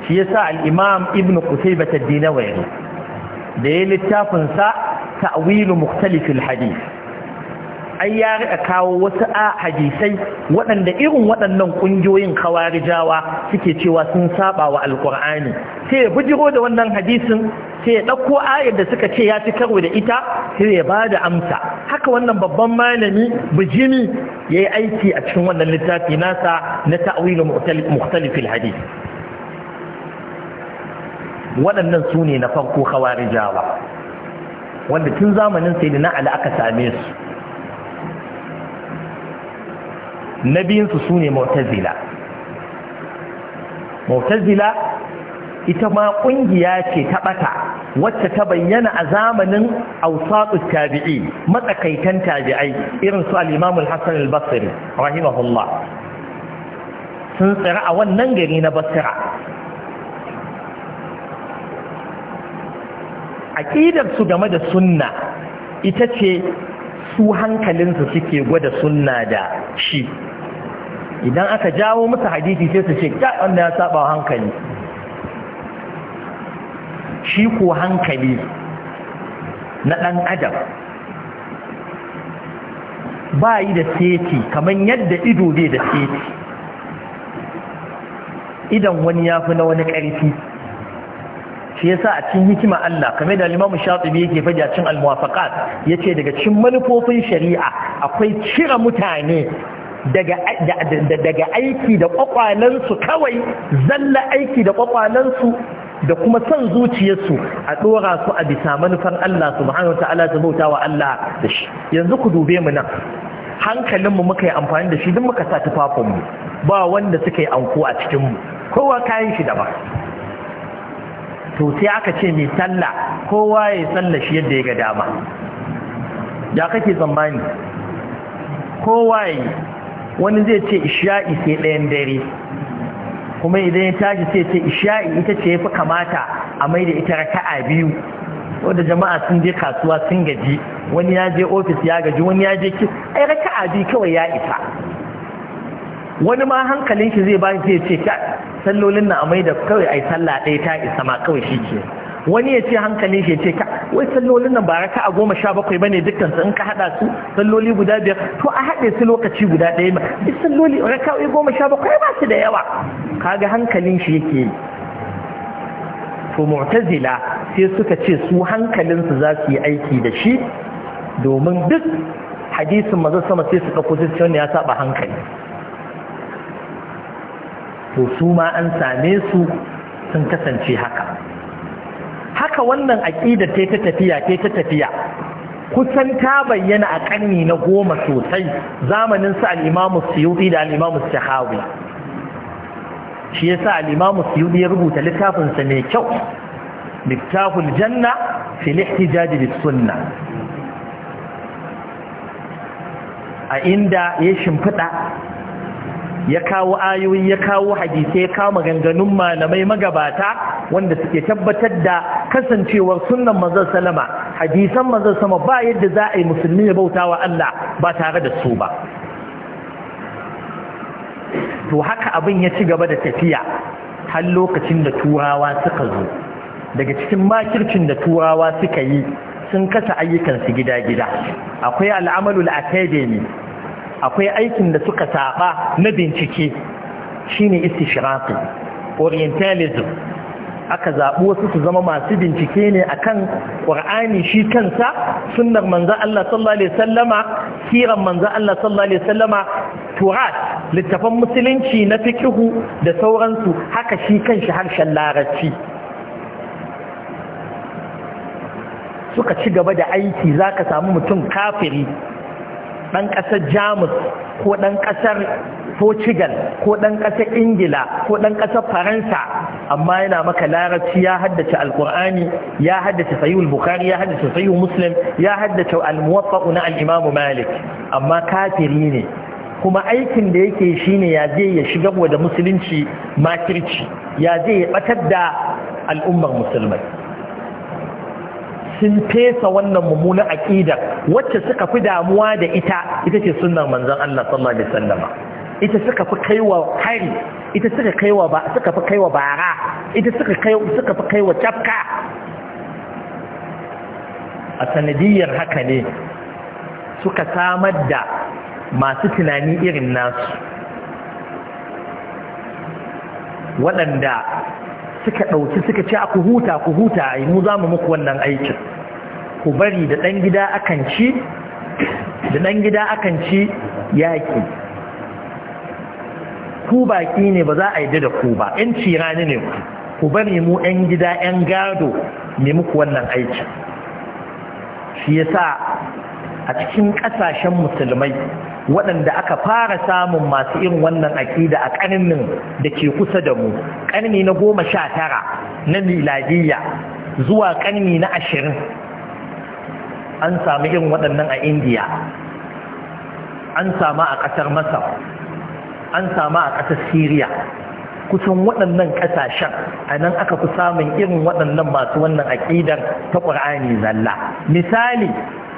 shi yasa al-imam ibn qutaybah ad-dinawi da ya littafin sa ta'wilu mukhtalif al-hadith ai ya kawo wasu a hadisai waɗanda irin waɗannan ƙungiyoyin kawarijawa suke cewa sun saba wa alƙur'ani sai ya bujiro da wannan hadisin sai ya ɗauko ayar da suka ce ya ci karo da ita sai ya ba da amsa haka wannan babban malami bijimi ya yi aiki a cikin wannan littafi nasa na ta'awilu mukhtalifil hadis waɗannan su ne na farko kawarijawa wanda tun zamanin sai na ala aka same su na biyunsu su ne mu'tazila mu'tazila ita ma ƙungiya ce ta ɓata wacce ta bayyana a zamanin ausatus tabi'i matsakaitan tabi'ai irin su al-imam al-hassan al-basri rahimahullah sun tsira a wannan gari na basira aƙidar su game da sunna ita ce su hankalinsu suke gwada sunna da shi idan aka jawo masa hadisi sai su ce wanda ya saba hankali shi ko hankali na ɗan adam ba yi da seti kamar yadda ido bai da seti idan wani ya fi na wani ƙarfi shi yasa a cikin hikima Allah kamar da limamu shafi yake faɗi a al almuwafaqat yace daga cikin manufofin shari'a akwai cire mutane daga aiki da kwakwalensu kawai zalla aiki da kwakwalensu da kuma son zuciyarsu a tsora su a bisa manufan Allah subhanahu ta'ala ta bauta wa Allah da shi yanzu ku dube mu nan hankalinmu muka yi amfani da shi duk muka sa tufafinmu ba wanda suka yi anko a cikinmu kowa kayan shi daban to sai aka ce mai talla kowa ya sallah shi yadda ya ga dama ya kake tsammani kowa ya yi wani zai ce isha'i sai ɗayan dare kuma idan ya tashi sai ce isha'i ita ce ya fi kamata a mai da ita raka'a biyu wadda jama'a sun je kasuwa sun gaji wani ya je ofis ya gaji wani ya je ki ai raka'a biyu kawai ya isa wani ma hankalin shi zai ba zai ce sallolin na a mai da kawai ai sallah ɗaya ta isa ma kawai shi ke wani ya ce hankali ke ce ka wai sallolin nan ba raka a goma sha bakwai bane dukkan su in ka hada su salloli guda biyar to a haɗe su lokaci guda ɗaya ba duk salloli raka'o'i goma sha bakwai ba su da yawa kaga hankalin shi yake yi to mu'tazila sai suka ce su hankalin su za su yi aiki da shi domin duk hadisin maza sama sai su ɗauko sai ya saba hankali to su ma an same su sun kasance haka haka wannan aƙida ce ta tafiya ce ta tafiya kusan ta bayyana a ƙarni na goma sosai zamanin su al'imamu suyuɗi da al'imamu shahawi shi ya sa al'imamu suyuɗi ya rubuta littafinsa mai kyau littafin janna filihti jaji sunna a inda ya shimfiɗa ya kawo ayoyi ya kawo hadisai ya kawo maganganun malamai magabata wanda suke tabbatar da kasancewar sunnan manzon salama hadisan manzon sama ba yadda za a yi musulmi ya bauta wa Allah ba tare da su ba to haka abin ya ci gaba da tafiya har lokacin da turawa suka zo daga cikin makircin da turawa suka yi sun kasa ayyukan su gida-gida akwai al'amalul academy akwai aikin da suka saba na bincike shine istishraqi orientalism aka zaɓi wasu su zama masu bincike ne akan ƙur'ani shi kansa sunnar manzo Allah sallallahu alaihi wasallama kiran manzo Allah sallallahu alaihi wasallama turat littafan musulunci na fikihu da sauransu haka shi kanshi harshen larabci suka ci gaba da aiki zaka samu mutum kafiri ɗan ƙasar jamus ko ɗan ƙasar portugal ko ɗan ƙasar ingila ko ɗan ƙasar faransa amma yana maka larabci ya haddace alƙur'ani ya haddace sahihul bukhari ya haddace sahihul muslim ya haddace al-muwaffaq na al-imam malik amma kafiri ne kuma aikin da yake shine ya zai ya shigar da musulunci makirci ya zai ya batar da al'ummar musulmai sun fesa wannan mummunan aƙidar wacce suka fi damuwa da ita ita ce sunnar manzon Allah sallallahu alaihi wasallam ita suka fi kaiwa hari ita suka kaiwa ba suka fi kaiwa bara ita suka kai suka fi kaiwa tafka a sanadiyar haka ne suka samar da masu tunani irin nasu waɗanda suka ɗauki suka ce ku huta ku huta a mu za mu muku wannan aikin ku bari da ɗan gida akan ci da ɗan gida akan ci yaƙi ku baƙi ne ba za a yi da ku ba ‘yan cirani ne ku bari mu ‘yan gida ‘yan gado ne muku wannan aikin shi ya sa a cikin ƙasashen musulmai waɗanda aka fara samun masu irin wannan aƙida a ƙarnin da ke kusa da mu ƙarni na goma sha tara na miladiyya zuwa ƙarni na ashirin an sami irin waɗannan a indiya an samu a ƙasar masar an samu a ƙasar siriya kusan waɗannan ƙasashen a nan aka fi samun irin waɗannan masu wannan aƙidar ta ƙur'ani zalla misali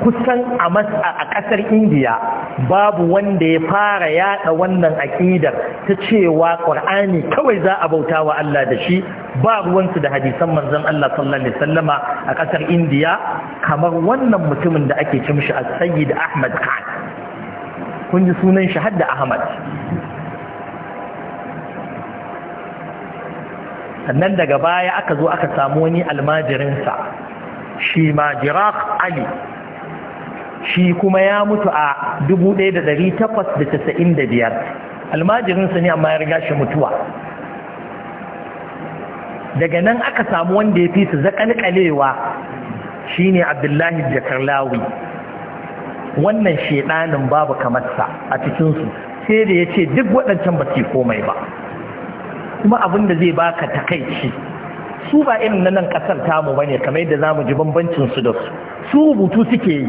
kusan a a ƙasar indiya babu wanda ya fara yada wannan aƙidar ta cewa ƙur'ani kawai za a bauta wa Allah da shi ba ruwansu da hadisan manzon Allah sallallahu alaihi wasallama a ƙasar indiya kamar wannan mutumin da ake cin shi as-sayyid ahmad khan kun ji sunan shi hadda ahmad sannan daga baya aka zo aka samu wani almajirinsa shi ma ali shi kuma ya mutu a dubu da da da takwas 1895 almajirinsa ne amma ya riga shi mutuwa daga nan aka samu wanda ya fi su zakalkalewa ne abdullahi jakarlawi wannan shedanin babu kamarsa a cikinsu sai da ya ce duk waɗancan ba su komai ba kuma abin da zai baka takaici su ba irin na nan ƙasar tamu ba ne kamar yadda za mu ji bambancinsu da su su rubutu suke yi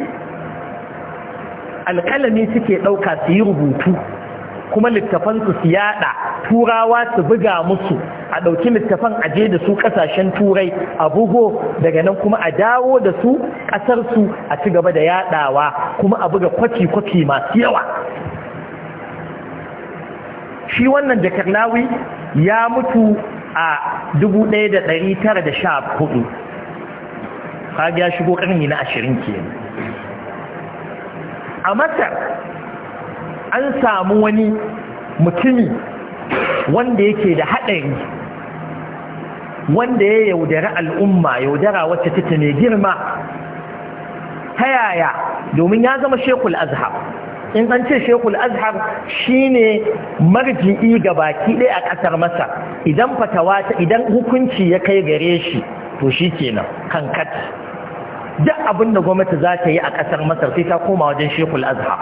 alkalami suke ɗauka su yi rubutu kuma littafansu su yaɗa turawa su buga musu a ɗauki littafan aje da su ƙasashen turai a bugo daga nan kuma a dawo da su ƙasarsu a ci gaba da yaɗawa kuma a buga kwaci-kwaci masu yawa shi wannan jakarlawi ya mutu a 1914 kaga ya shigo ƙarni na ashirin kenan a masar an samu wani mutumi wanda yake da haɗari wanda ya yaudara al'umma yaudara wacce take mai girma ta yaya domin ya zama shekul azhar in an ce shekul azhar shine marji'i ga baki ɗaya a ƙasar masar idan fatawa idan hukunci ya kai gare shi to shi kenan kankat duk abin da gwamnati za ta yi a ƙasar masar sai ta koma wajen shekul azhar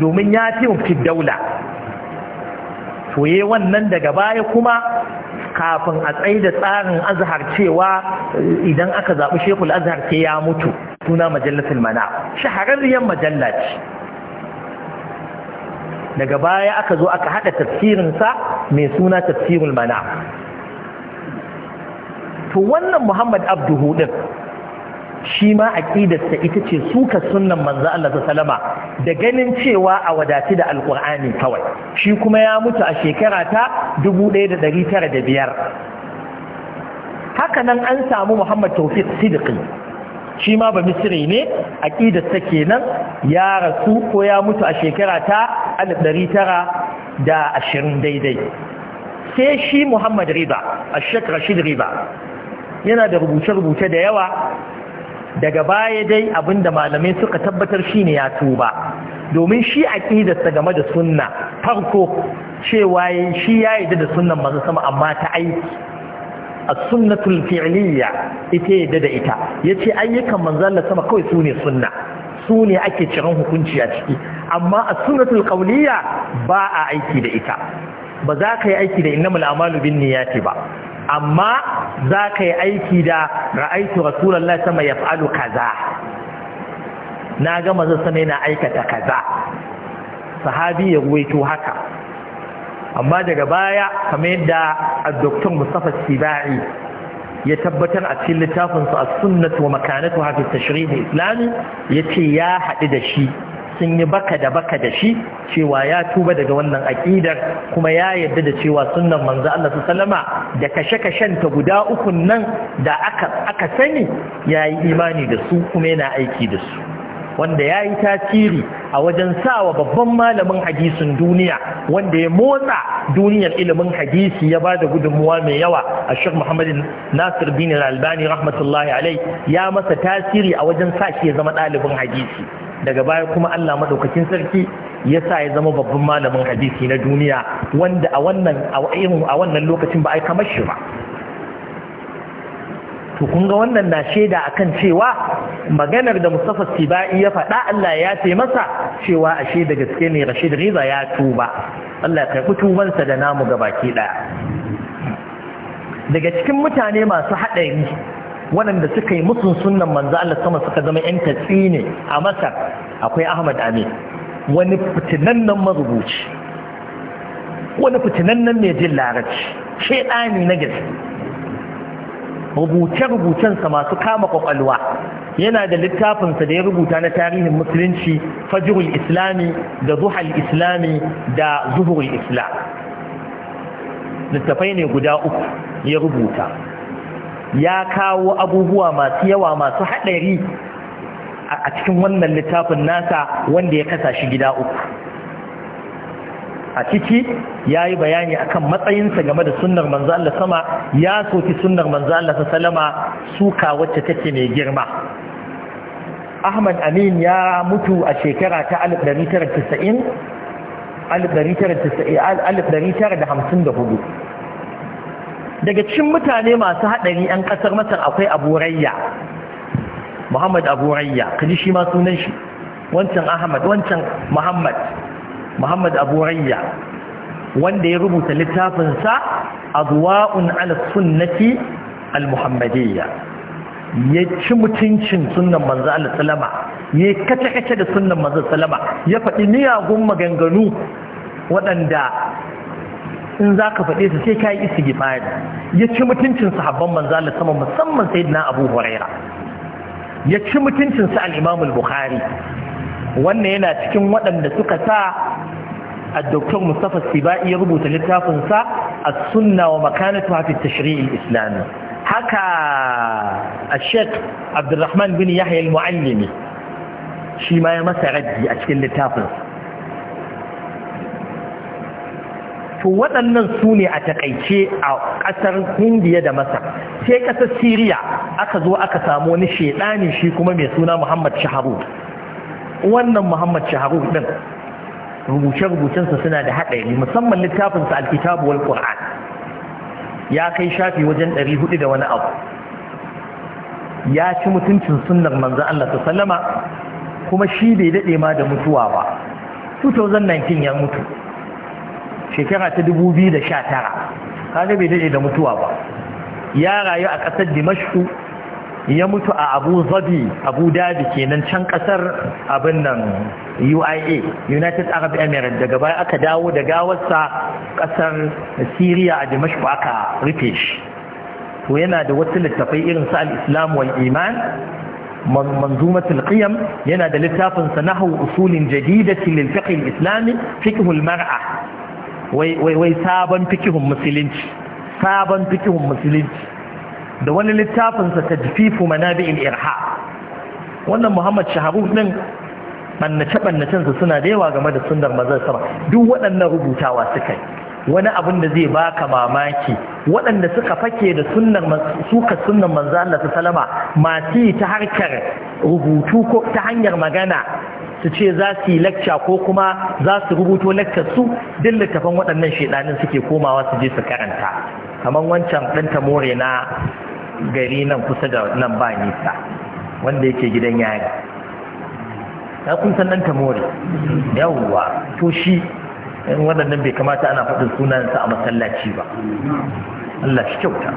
domin ya fi mafi daula toye wannan daga baya kuma kafin a tsaye da tsarin azhar cewa idan aka zaɓi shekul azhar sai ya mutu suna majalatul mana shahararriyar majalla ce daga baya aka zo aka haɗa tafsirinsa mai suna tafsirul mana to wannan muhammad abduhu shi ma aqidarsa ita ce suka sunnan manzo Allah Ta salama da ganin cewa a wadati da alqur'ani kawai shi kuma ya mutu a shekara ta 1905 haka nan an samu Muhammad Tawfiq Sidiqi shi ma ba misri ne aqidarsa kenan ya rasu ko ya mutu a shekara ta 1920 daidai sai shi Muhammad Riba shak Rashid Riba yana da rubuce-rubuce da yawa daga baya dai abinda malamai suka tabbatar shine ya tuba domin shi a ƙidasta game da sunna farko cewa shi ya yi da sunan masu sama amma ta aiki a sunnatul tulfiliya ita yarda da ita Ya ce ayyukan manzan da sama kawai sune sunna su ne ake ciran hukunci a ciki amma a sunnatul tulkauliya ba a aiki da ita ba za ka yi aiki da inna mulamalu bin niyati ba amma za ka yi aiki da ra'aitu rasulallah sama ya fa'alu kaza na gama zai sama yana aikata kaza sahabi ya ruwaito haka amma daga baya kamar yadda a mustapha sibai ya tabbatar a cikin littafinsa a sunnatu wa makanatu hafi tashrihi islami ya ce ya haɗu da shi sun yi baka da baka da shi cewa ya tuba daga wannan aƙidar kuma ya yarda da cewa sunan manzo Allah su salama da kashe-kashen ta guda ukun nan da aka aka sani ya yi imani da su kuma yana aiki da su wanda ya yi tasiri a wajen sawa babban malamin hadisin duniya wanda ya motsa duniyar ilimin hadisi ya ba da gudunmuwa mai yawa a shek muhammadin nasir bin albani rahmatullahi alai ya masa tasiri a wajen sa shi ya zama ɗalibin hadisi daga baya kuma Allah madaukakin sarki ya sa ya zama babban malamin hadisi na duniya wanda a wannan a wannan lokacin ba ai kamar shi ba to kun ga wannan na shaida akan cewa maganar da Mustafa Sibai ya faɗa Allah ya ce masa cewa ashe da gaske ne Rashid Riza ya tuba Allah ya karɓi tubansa da namu gabaki ɗaya daga cikin mutane masu haɗari waɗanda suka yi musun sunnan manzo Allah sama suka zama yan tatsi ne a Masar akwai Ahmad Amin wani fitinannen marubuci wani fitinannen mai jin larabci shedani na gaske rubuce-rubucensa masu kama kwakwalwa yana da littafinsa da ya rubuta na tarihin musulunci fajirul islami da zuhal islami da zuhurul islam littafai ne guda uku ya rubuta ya kawo abubuwa masu yawa masu haɗari a cikin wannan littafin nasa wanda ya kasa shi gida uku a ciki ya yi bayani a kan matsayinsa game da sunnar manzo Allah sama ya soki sunnar manzo Allah salama suka wacce take mai girma Ahmad Amin ya mutu a shekara ta 1990 hudu. daga cikin mutane masu haɗari 'yan ƙasar masar akwai aburayya muhammad aburayya kaji shi ma sunan shi wancan ahmad wancan muhammad muhammad aburayya wanda ya rubuta littafinsa adwa'un ala sunnati al ya ci mutuncin sunnan manzo Allah sallama ya kace kace da sunan manzo sallama ya faɗi miyagun maganganu waɗanda in za ka faɗe su sai ka yi isi gifayar ya ci mutuncin sahabban manza la sama musamman sai na abu huraira ya ci mutuncin sa al'imamul bukhari wannan yana cikin waɗanda suka sa a doktor mustapha sibai ya rubuta littafinsa a sunna wa makanatu hafi tashri'in islami haka a sheik abdulrahman bin yahya al-mu'allimi shi ya masa raddi a cikin littafinsa to waɗannan su ne a takaice a ƙasar indiya da masar sai ƙasar siriya aka zo aka samu wani ne shi kuma mai suna muhammad shaharu wannan muhammad shaharu ɗin rubuce-rubucensa suna da haɗari musamman littafinsa alkitabu wal qur'an ya kai shafi wajen ɗari hudu da wani abu ya ci mutuncin sunnar manzo Allah ta sallama kuma shi bai daɗe ma da mutuwa ba 2019 ya mutu shekara ta 2019 kaga bai daɗe da mutuwa ba ya rayu a ƙasar dimashku ya mutu a abu zabi abu dhabi kenan can ƙasar abin nan uia e, united arab emirates daga baya aka dawo da gawarsa ƙasar syria a dimashku aka rufe shi to yana da wasu littafai irin su al-islam wal iman manzumatul qiyam yana da littafin sa nahwu usulin jadidati lil fiqh al-islami fiqh al-mar'a wai sabon fikihun musulunci sabon fikihun musulunci da wani littafinsa ta jififu manabi'il irha wannan muhammad shaharuf din ɓannace-ɓannacensa suna da yawa game da sunnar mazar sama duk waɗannan rubutawa suka yi wani abin da zai baka mamaki waɗanda suka fake da suka sunnar manzo Allah salama masu ta harkar rubutu ko ta hanyar magana su ce za su yi lakca ko kuma za su rubuto laccar su duk littafan waɗannan shaidanin suke komawa su je su karanta kamar wancan ɗan tamore na gari nan kusa da nan ba nisa wanda yake gidan yari ya kun san ɗan tamore yawwa to shi waɗannan bai kamata ana faɗin sunansa a masallaci ba Allah shi kyauta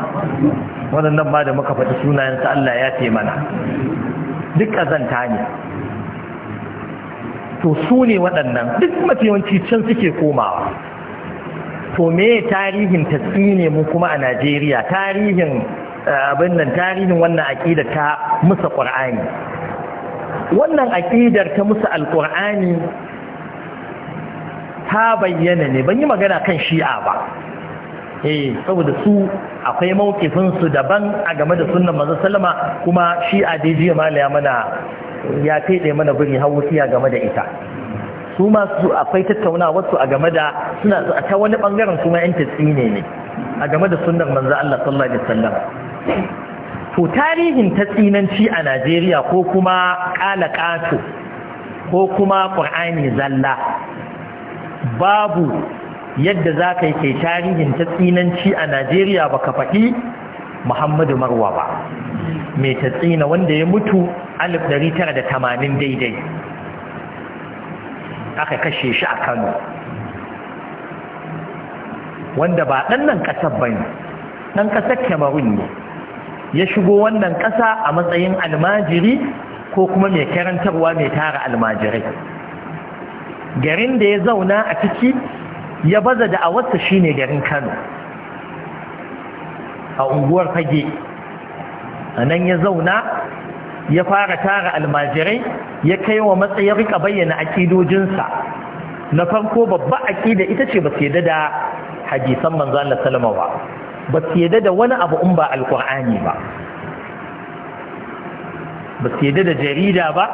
waɗannan ba da muka faɗi sunayensa Allah ya ce mana duk ƙazanta ne to su ne waɗannan duk mafiyawanci can suke komawa to me tarihin ne mu kuma a najeriya tarihin eh, abin nan tarihin wannan aƙidar ta musa ƙur'ani wannan aƙidar ta musa alƙur'ani ta bayyana ne ban yi magana kan shi'a ba eh saboda su akwai mawukifinsu daban a game da sunan mazasalama kuma shi'a dai jiya malaya mana ya fede mana biri har wuciya game da ita su ma su akwai tattauna wasu a game da suna ta wani bangaren su ma yan tsine ne a game da sunnar manzo Allah sallallahu alaihi wasallam to tarihin tatsinanci a Najeriya ko kuma kala kato ko kuma Qur'ani zalla babu yadda za ka yi ta tarihin a Najeriya baka faɗi muhammadu marwa ba mai tatsina wanda ya mutu da tamanin daidai aka kashe shi a kano wanda ba ɗan nan ƙasar ba ne ɗan ƙasar cameroon ne ya shigo wannan ƙasa a matsayin almajiri ko kuma mai karantarwa mai tara almajirai garin da ya zauna a ciki ya baza da a shi shine garin kano a unguwar fage a nan ya zauna ya fara tara almajirai ya kai wa matsayin rika bayyana aƙidojinsa na farko babba aƙida ita ce ba su yadda da hadisan manzan Allah salama ba ba su yadda da wani abu in ba alƙur'ani ba ba su yadda da jarida ba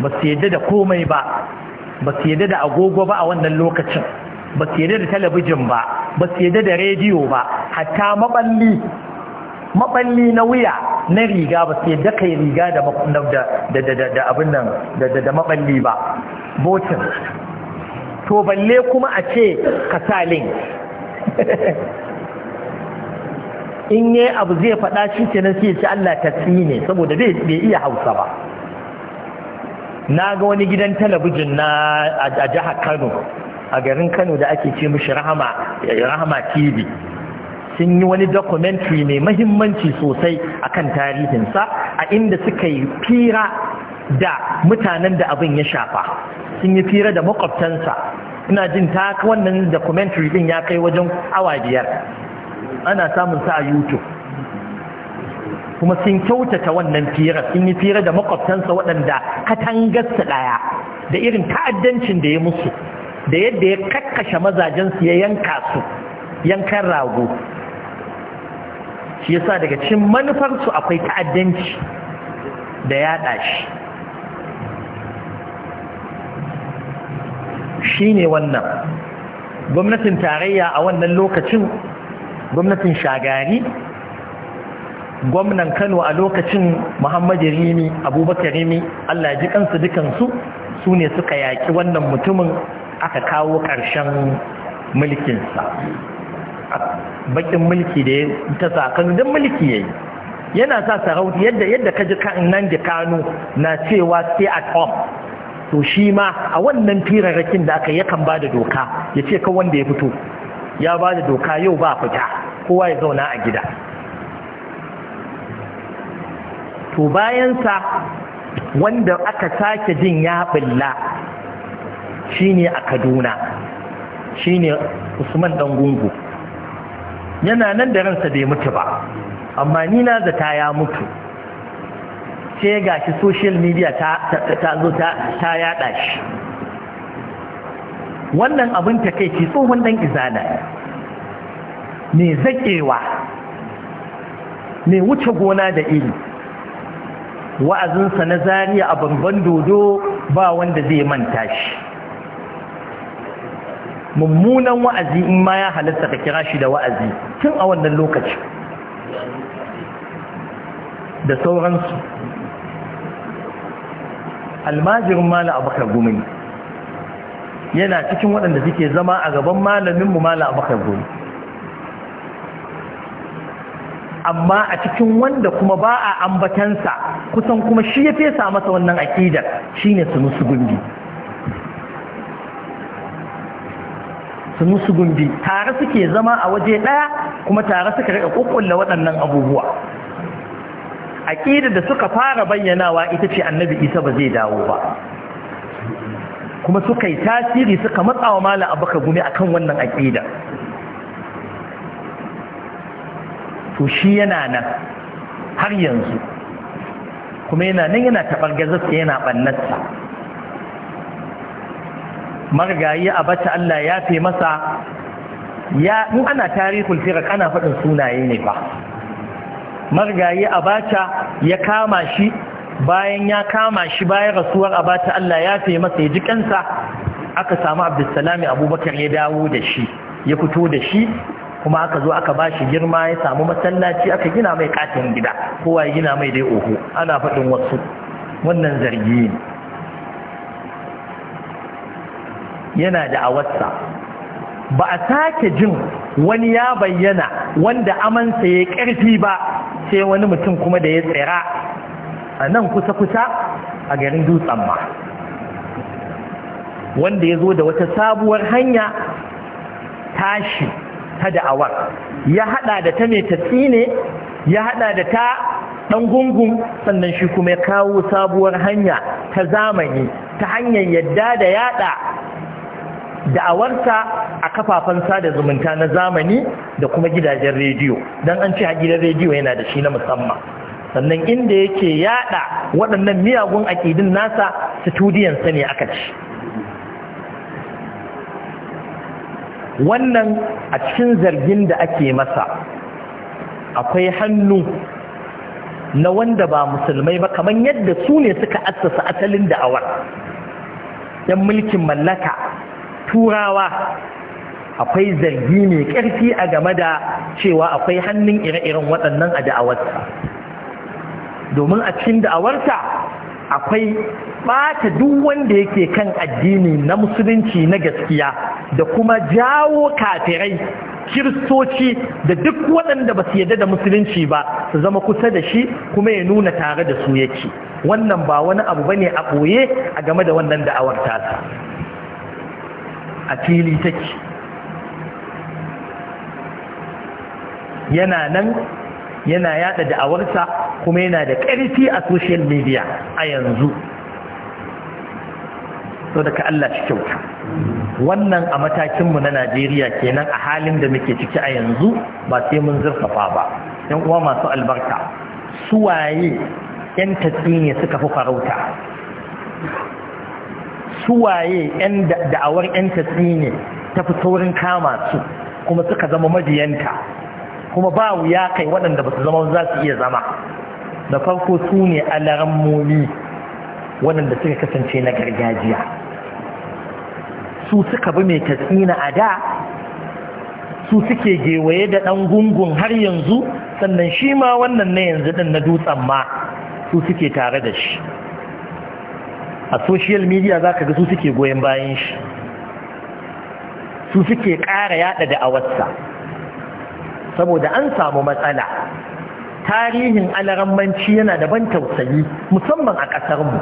ba su yadda da komai ba ba su yadda da agogo ba a wannan lokacin ba su yadda da talabijin ba ba su yadda da rediyo ba hatta maballi maballi na wuya na riga ba sai da kai riga da da abin nan da maballi ba botin to balle kuma a ce kasalin. [laughs] in yi abu zai faɗa shi ke nan sai ce Allah ta ne saboda bai iya hausa ba na ga wani gidan talabijin na a jihar Kano a garin Kano da ake ce mishi rahma rahama TV sun yi wani documentary mai mahimmanci sosai a kan tarihinsa a inda suka yi fira da mutanen da abin ya shafa sun yi fira da makwabtansa ina jin ta wannan documentary din ya kai wajen awa biyar ana samun sa a youtube kuma sun kyautata wannan fira sun yi fira da makwabtansa waɗanda katangarsa ɗaya da irin ta'addancin da ya musu da yadda ya kakkashe mazajensu ya yanka su yankan rago shi yasa daga cikin manufarsu akwai ta'addanci da ya shi shi ne wannan gwamnatin tarayya a wannan lokacin gwamnatin shagari gwamnan kano a lokacin muhammadu rimi abubakar rimi allah ji kansu dukansu su ne suka yaƙi wannan mutumin aka kawo ƙarshen mulkinsa bakin mulki da ta sakan don mulki ya yi yana sa sarauta yadda yadda ka ji nan da kanu na cewa stay at home to shi ma a wannan firarrakin da aka yakan ba da doka ya ce kan wanda ya fito ya ba da doka yau ba fita kowa ya zauna a gida to bayansa wanda aka sake jin ya bulla shine a kaduna shine usman dan gungu yana nan da ransa bai mutu ba amma ni na zata ya mutu sai ga shi social media ta zo ta yada shi wannan abin ta kai tsohon dan izana ne zakewa ne wuce gona da iri wa'azinsa na zariya a bambam dodo ba wanda zai manta shi mummunan wa'azi in ma ya halatta ka kira shi da wa'azi tun a wannan lokaci da sauransu almajirin mala abakar gumi yana cikin waɗanda suke zama a gaban malaminmu mala abakar gumi amma a cikin wanda kuma ba a ambatansa kusan kuma shi ya fesa masa wannan akidar shine musu gumbi su musu gumbi tare suke zama a waje ɗaya kuma tare suka rika kukkulla waɗannan abubuwa aƙidar da suka fara bayyanawa ita ce annabi isa ba zai dawo ba kuma suka yi tasiri suka matsawa mala abaka gumi a kan wannan aƙida to shi yana nan har yanzu kuma yana nan yana taɓar gazarsa yana ɓannarsa marigayi a bata Allah ya fi masa ya in ana tarihul firar ana faɗin sunaye ne ba marigayi a bata ya kama shi bayan ya kama shi bayan rasuwar a bata Allah ya fi masa ya ji kansa aka samu abdulsalami abubakar ya dawo da shi ya fito da shi kuma aka zo aka bashi girma ya samu masallaci aka gina mai katin gida kowa ya gina mai dai oho ana faɗin wasu wannan zargi yana da awarsa ba a sake jin wani ya bayyana wanda amansa ya ƙarfi ba sai wani mutum kuma da ya tsira a nan kusa-kusa a garin dutsen ma wanda ya zo da wata sabuwar hanya tashi ta da'awar ya hada da ta mai tafi ne ya hada da ta dan gungun sannan shi kuma ya kawo sabuwar hanya ta zamani ta hanyar yadda da yada da'awarsa a kafafen sada zumunta na zamani da kuma gidajen rediyo don an ce a gidan rediyo yana da shi na musamman sannan inda yake yada waɗannan miyagun aƙidin nasa studiyansa ne aka ci wannan a cikin zargin da ake masa akwai hannu na wanda ba musulmai ba kamar yadda su ne suka assasa asalin da'awar yan mulkin mallaka turawa akwai zargi mai ƙarfi a game da cewa akwai hannun ire-iren waɗannan a da'awarsa domin a cikin da'awarta akwai ɓata duk wanda yake kan addini na musulunci na gaskiya da kuma jawo kafirai kiristoci da duk waɗanda ba su yarda da musulunci ba su zama kusa da shi kuma ya nuna tare da su yake wannan ba wani abu bane a ɓoye a game da wannan da'awar tasa a fili take yana nan yana yada da'awarsa kuma yana da ƙarfi a social media a yanzu so daga Allah shi kyauta wannan a matakinmu na Najeriya kenan a halin da muke ciki a yanzu ba sai mun zurfafa ba yan uwa masu albarka suwaye yan ne suka fi farauta suwaye yan da'awar yan tatsi ne ta fi saurin kama su kuma suka zama majiyanta kuma ba wuya kai waɗanda ba su zama za su iya zama da farko su ne momi waɗanda suka kasance na gargajiya su suka bi mai na a da su suke gewaye da ɗan gungun har yanzu sannan shi ma wannan na yanzu ɗin na dutsen ma su suke tare da shi a social media za ka ga su suke goyon bayan shi su suke ƙara yada awarsa saboda an samu matsala tarihin alarammanci yana da ban tausayi musamman a ƙasarmu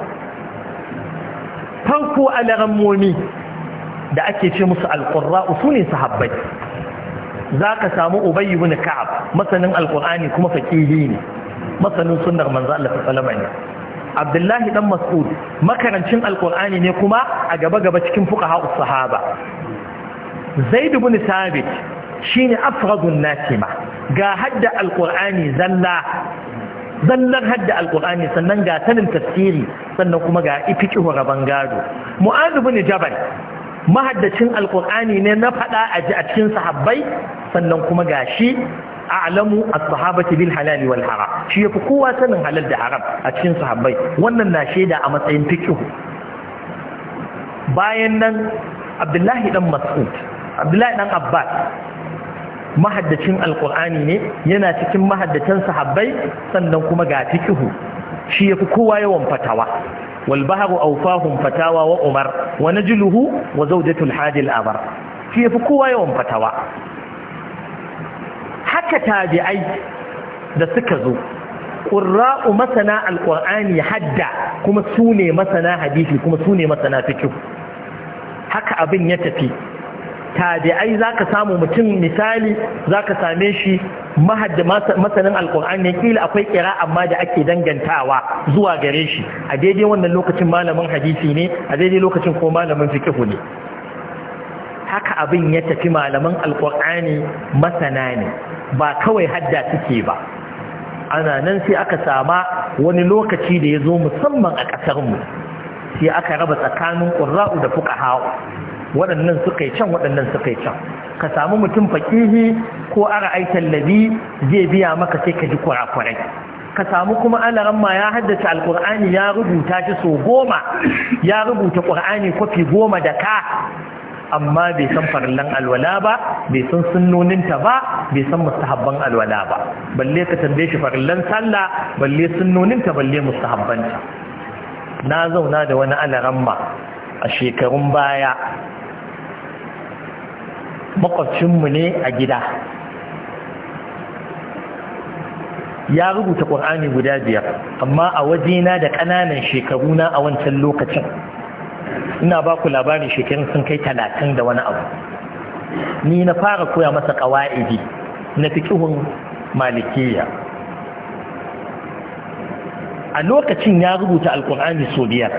farko alarammomi da ake ce musu alƙurra su ne su sahabbai za ka samu ubayi wani ka'ab masanin alƙur'ani kuma faƙihi ne masanin sunnar manzo Allah ta salama ne. abdullahi dan mas'ud makarancin alkur'ani ne kuma a gaba-gaba cikin fuqaha sahaba zaid ibn sabit shine afradun nasima ga hadda alkur'ani zalla zallar hadda alkur'ani sannan ga sanin tafsiri sannan kuma ga ifiqihu raban gado mu'adh ibn jabal mahaddacin alkur'ani ne na faɗa a cikin sahabbai sannan kuma gashi a'lamu as-sahabati bil halal wal haram shi yafi kowa sanin halal da haram a cikin sahabbai wannan na shaida a matsayin fiqh bayan nan Abdullahi dan Mas'ud Abdullahi dan Abbas mahaddacin alqur'ani ne yana cikin mahaddatan sahabbai sannan kuma ga fiqh shi yafi kowa yawan fatawa wa umar wa فتاوى وأمر ونجله وزوجة الحاج الأبر في kowa yawan fatawa. haka tabi'ai da suka zo ƙura'u masana alƙur'ani hadda kuma sune ne masana hadisi kuma su ne masana fikihu haka abin ya tafi tabi'ai za ka samu mutum misali za ka same shi masanin ne kila akwai ƙira amma da ake dangantawa zuwa gare shi a daidai wannan lokacin malamin hadisi ne a daidai lokacin ko malamin fikihu ne haka abin ya tafi malaman alkur'ani masana ne ba kawai hadda suke ba ana nan sai aka sama wani lokaci da ya zo musamman a ƙasarmu sai aka raba tsakanin ƙurra'u da fuka hawa waɗannan suka yi can waɗannan suka yi can ka samu mutum faƙihi ko ara aitan labi zai biya maka sai ka ji kurakurai ka samu kuma alaran ma ya haddace alƙur'ani ya rubuta shi so goma ya rubuta ƙur'ani kwafi goma da ka amma bai san farillan alwala ba bai san sunnoninta ba bai san mustahabban alwala ba balle ka tambaye shi farillan sallah balle sunnoninta balle mustahabbanta na zauna da wani alaramma a shekarun baya makwabcinmu ne a gida ya rubuta ƙur'ani guda biyar amma a wajena da ƙananan na a wancan lokacin ina ba ku labarin shekarun sun kai talatin da wani abu ni na fara koya masa ƙawa'idi na fikihun malikiya a lokacin ya rubuta alkur'ani sau biyar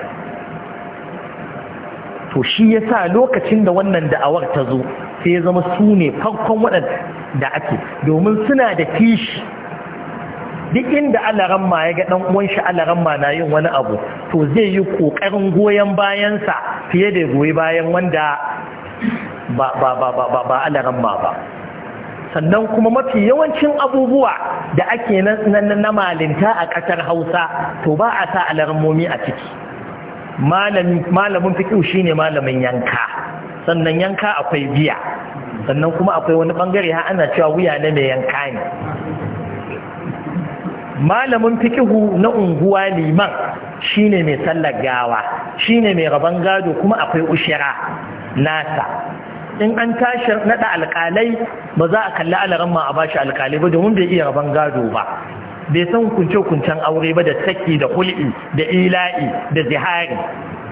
to shi ya sa lokacin da wannan da'awar ta zo sai ya zama su ne farkon waɗanda ake domin suna da kishi duk inda alaramma ya ga dan uwan shi alaramma na yin wani abu to zai yi kokarin goyen bayansa fiye da goyi bayan wanda ba ba ba ba ba alaramma ba sannan kuma mafi yawancin abubuwa da ake na malinta a ƙasar Hausa to ba a sa alarammomi a ciki malamin fikiu shine malamin yanka sannan yanka akwai biya sannan kuma akwai wani bangare ha ana cewa wuya ne mai yanka ne malamin fikihu na unguwa liman shine mai sallar gawa shine mai rabon gado kuma akwai ushira nasa in an tashi naɗa alƙalai ba za a kalli alaran ma a bashi alƙalai ba domin bai iya rabon gado ba bai san kunce-kuncen aure ba da saki da hul'i da ila'i da zihari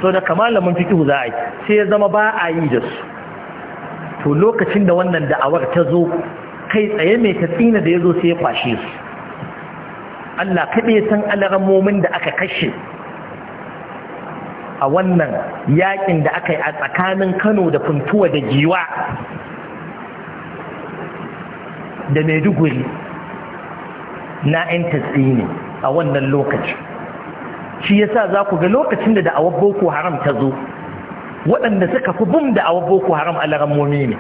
so da kamalamin fikihu za a yi sai ya zama ba a yi da su to lokacin da wannan da'awar ta zo kai tsaye mai tsina da ya zo sai ya kwashe su Allah kaɗai san alaramomin da aka kashe a wannan yakin da aka yi a tsakanin Kano da Funtuwa da Giwa da Maiduguri na 'yan ne a wannan lokaci shi sa za ku ga lokacin da da'awar Boko Haram ta zo waɗanda suka fi bum da'awar Boko Haram alaramomi ne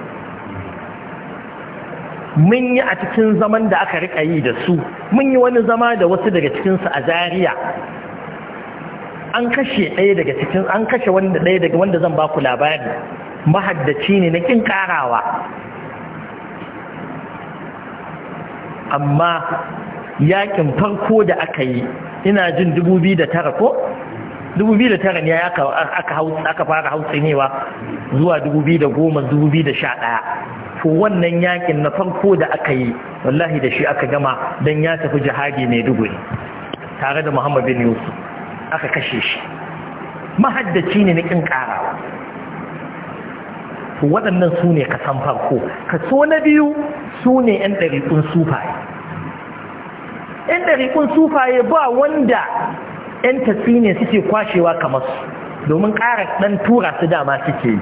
mun yi a cikin zaman da aka riƙa yi da su mun yi wani zama da wasu daga cikinsu a zariya an kashe ɗaya daga cikin an kashe wanda ɗaya daga wanda zan baku labari mahaddaci ne na kin ƙarawa. amma yaƙin farko da aka yi ina jin dubu biyu da tara ko 2009 ne aka fara hautsinewa zuwa 2010-2011 to wannan yakin na farko da aka yi wallahi da shi aka gama don ya tafi jihadi mai duguri tare da muhammad bin yusuf aka kashe shi mahaddaci ne na ƙin ƙarawa to waɗannan su ne kasan farko kaso na biyu su ne 'yan ɗariƙun sufaye 'yan ɗariƙun sufaye ba wanda ‘yan tafi ne suke kwashewa kamar su domin ƙara ɗan tura su dama suke yi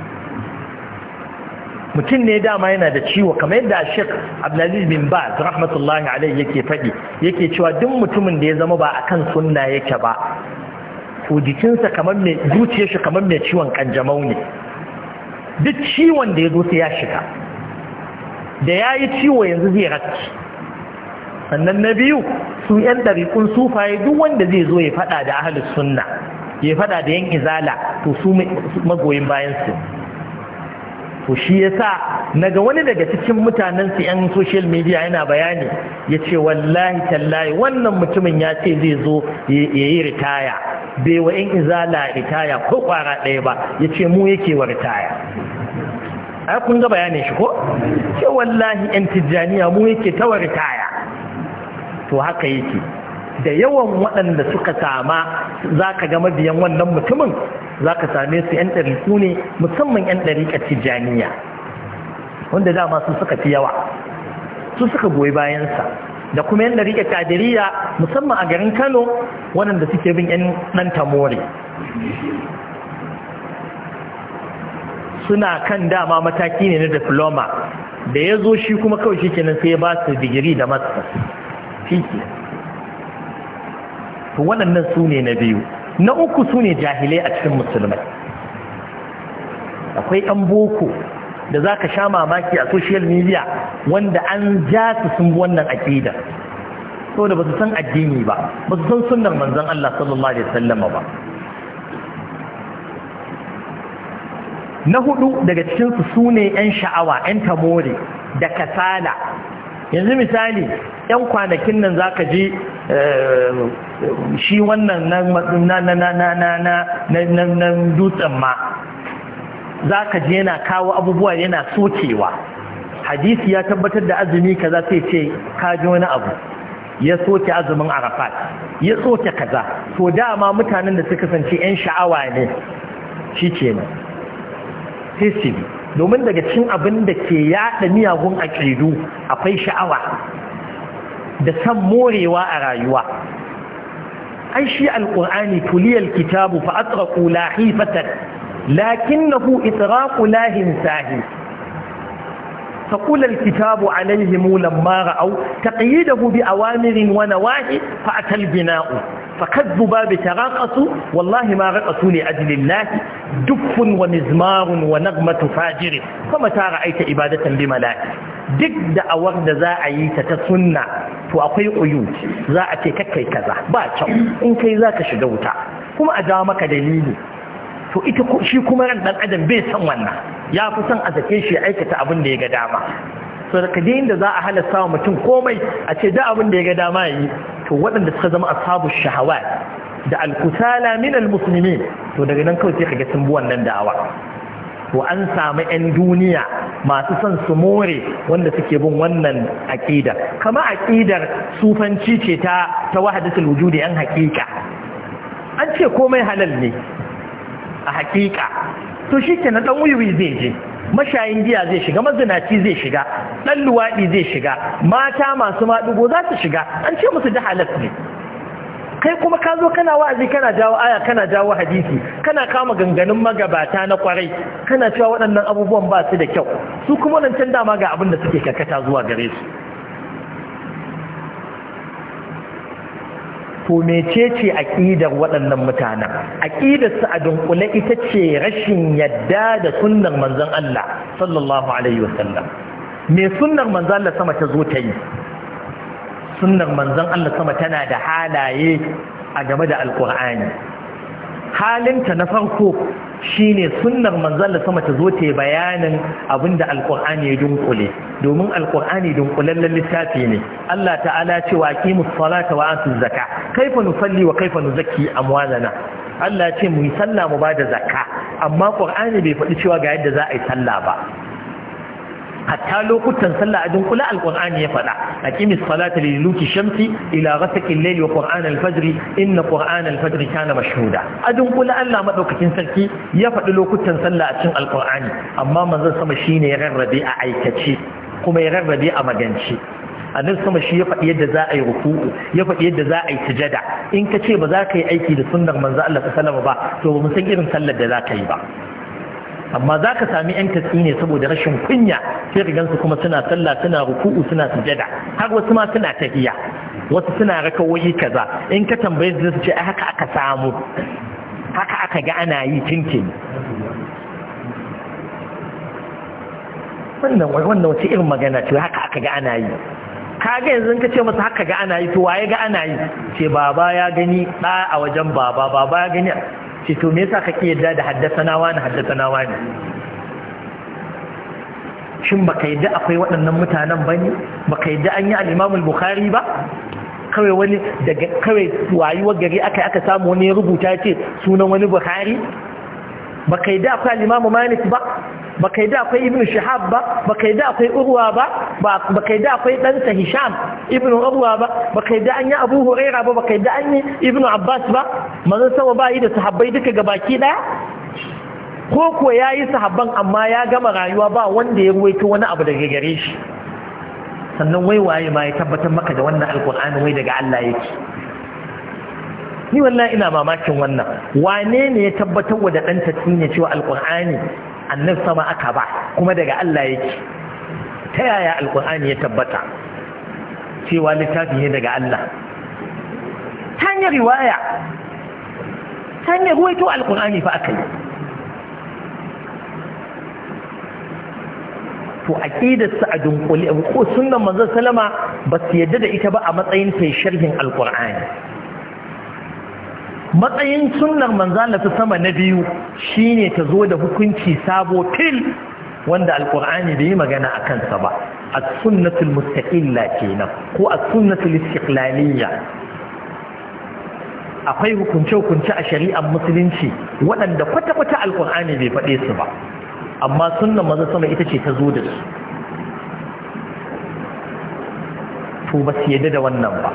mutum ne dama yana da ciwo kamar yadda shek abdulaziz bin baz rahmatullahi alaihi yake faɗi yake cewa duk mutumin da ya zama ba akan sunna yake ba ko jikinsa kamar mai zuciya shi kamar mai ciwon kanjamau ne duk ciwon da ya zo sai ya shiga da ya yi ciwo yanzu zai rakki sannan na biyu su yan ɗariƙun sufaye duk wanda zai zo ya faɗa da ahalus sunna ya faɗa da yan izala to su magoyin bayan su to shi yasa naga wani daga cikin mutanen su yan social media yana bayani ya ce wallahi tallahi wannan mutumin ya ce zai zo ya yi ritaya bai wa yan izala ritaya ko kwara ɗaya ba ya ce mu yake wa ritaya ai kun ga bayanin shi ko ce wallahi yan tijjaniya mu yake ta wa ritaya to haka yake da yawan waɗanda suka sama za ka ga mabiyan wannan mutumin za ka same su 'yan ɗariku ne musamman 'yan ɗarika tijjaniya wanda dama su suka fi yawa su suka goyi bayansa da kuma 'yan ɗarika kadiriya musamman a garin kano waɗanda suke bin 'yan ɗan tamori suna kan dama mataki ne na diploma da ya zo shi kuma kawai shi kenan sai ya ba su digiri da masu shi to waɗannan su ne na biyu na uku su ne jahilai a cikin musulmai akwai ɗan boko da za ka sha mamaki a social media wanda an ja su sun wannan aƙida da ba su san addini ba ba su san sunnar manzon Allah sallallahu alaihi wasallama ba na hudu daga cikinsu su sune yan sha'awa yan tamori, da kasala yanzu misali 'yan kwanakin nan za ka ji eh, shi wannan na dutsen ma za ka ji yana kawo abubuwa yana sokewa hadisi ya tabbatar da azumi kaza sai ce ka ji wani abu ya soke azumin arafat ya soke kaza to dama mutanen da suka kasance 'yan sha'awa ne shi ke nan domin daga cin abin da ke yaɗa miyagun aƙidu akwai sha'awa da san morewa a rayuwa an shi alƙul'ani tuliyar kitabu fa atsara ƙulahi fatar lakin na ku itsara ƙulahin sahi ta ƙular kitabu a nan himu lambara au ta ƙayi da a wamirin wani wahi fa a talbina'u fa kazzu ba bi tara wallahi ma raƙa su ne ajilin lahi dukkan wa mizmarun wa nagmatu fajiri kuma ta ra'aita ibadatan bi mala'i duk da awar da za a yi ta ta sunna to akwai uyu za a ce kakkai kaza ba can in kai za ka shiga wuta kuma a jawo maka dalili to ita shi kuma ran dan adam bai san wannan ya fi son a sake shi aikata abin da ya ga dama so da kaje inda za a halasta wa mutum komai a ce da abin da ya ga dama yi to waɗanda suka zama ashabu shahawat da alkusala min almuslimin to daga nan kawai sai ka ga bi wannan da'awa to an samu 'yan duniya masu son su more wanda suke bin wannan aƙidar kama aƙidar sufanci ce ta ta wahadatul wujudi 'yan haƙiƙa an ce komai halal ne a haƙiƙa to shi ke na ɗan wiwi zai je mashayin giya zai shiga mazinaci zai shiga ɗan luwaɗi zai shiga mata masu maɗugo za su shiga an ce musu da halal ne kai kuma ka zo kana wa'azi kana jawo aya kana jawo hadisi kana kama ganganin magabata na kwarai kana cewa waɗannan abubuwan ba su da kyau su kuma nan can dama ga abin da suke karkata zuwa gare su to mecece aƙidar waɗannan mutanen aƙidar su a dunkule ita ce rashin yadda da sunnar manzon Allah sallallahu alaihi wasallam me sunnar manzon Allah sama ta zo ta yi sunnar manzan Allah sama tana da halaye a game da alkur'ani halinta na farko shine sunnar manzon Allah sama ta zo ta bayanin abinda alkur'ani ya dunkule domin alkur'ani dunkulallen littafi ne Allah ta'ala ce wa aqimus salata wa atuz zakat kaifa nusalli wa kaifa nuzakki amwalana Allah ce mu yi sallah mu bada zakka amma qur'ani bai faɗi cewa ga yadda za a yi sallah ba hatta lokutan sallah a dunkula Alƙur'ani ya faɗa aqimis salata li luki shamsi ila ghasaqil layli wa qur'an al-fajr inna qur'an al-fajr kana mashhuda a dunkula Allah madaukakin sarki ya faɗi lokutan sallah a cikin Alƙur'ani, amma manzon sama shine ya rarrabe a aikace kuma ya rarrabe a magance annabi sama shi ya faɗi yadda za a yi ruku'u ya faɗi yadda za a yi sujada in ka ce ba za ka yi aiki da sunnar manzo Allah sallallahu alaihi wasallam ba to ba san irin sallar da za ka yi ba amma za ka sami yan katsi ne saboda rashin kunya sai gansu kuma suna sallah suna ruku'u suna sujada har wasu ma suna tafiya wasu suna rakawoyi kaza in ka tambaye su ce haka aka samu haka aka ga ana yi tinkin wannan wannan wace irin magana ce haka aka ga ana yi kaga yanzu ka ce masa haka ga ana yi to waye ga ana yi ce baba ya gani da a wajen baba baba ya gani ce to me yasa kake yadda da haddasana wani haddasana wani shin baka yadda akwai waɗannan mutanen bane baka yadda an yi al-Imam al-Bukhari ba kawai wani daga kawai wayuwar gari aka aka samu wani rubuta ce sunan wani Bukhari baka yadda akwai al-Imam Malik ba ba yi da akwai Ibnu shahab ba ba yi da akwai urwa ba ba yi da akwai ɗansa hisham Ibnu urwa ba ba yi da an yi abu huraira ba ba yi da an yi Ibnu abbas ba mazan sama ba yi da sahabbai duka gabaki ɗaya ko kuwa ya yi sahabban amma ya gama rayuwa ba wanda ya ruwaito wani abu daga gare shi sannan wai waye ma ya tabbatar maka da wannan alkur'ani wai daga Allah yake ni wallahi ina mamakin wannan wane ne ya tabbatar wa da ɗan tatsuniya cewa alkur'ani annan sama aka ba kuma daga Allah yake ta yaya alkur'ani ya tabbata cewa littafi ne daga Allah ta hanyar riwaya ta hanyar ruwaito alkur'ani fa aka yi to aqidarsu a dunkule ko sunan manzon salama ba su yadda da ita ba a matsayin ta sharhin alkur'ani matsayin sunnar manzala ta sama na biyu shine ta zo da hukunci sabo fil wanda alkur'ani bai yi magana a kansa ba a sunnatul mustaqilla kenan ko a sunnatul istiqlaliyya akwai hukunce-hukunce a shari'ar musulunci waɗanda kwata-kwata alkur'ani bai faɗe su ba amma sunnan maza sama ita ce ta zo da su to ba su yadda da wannan ba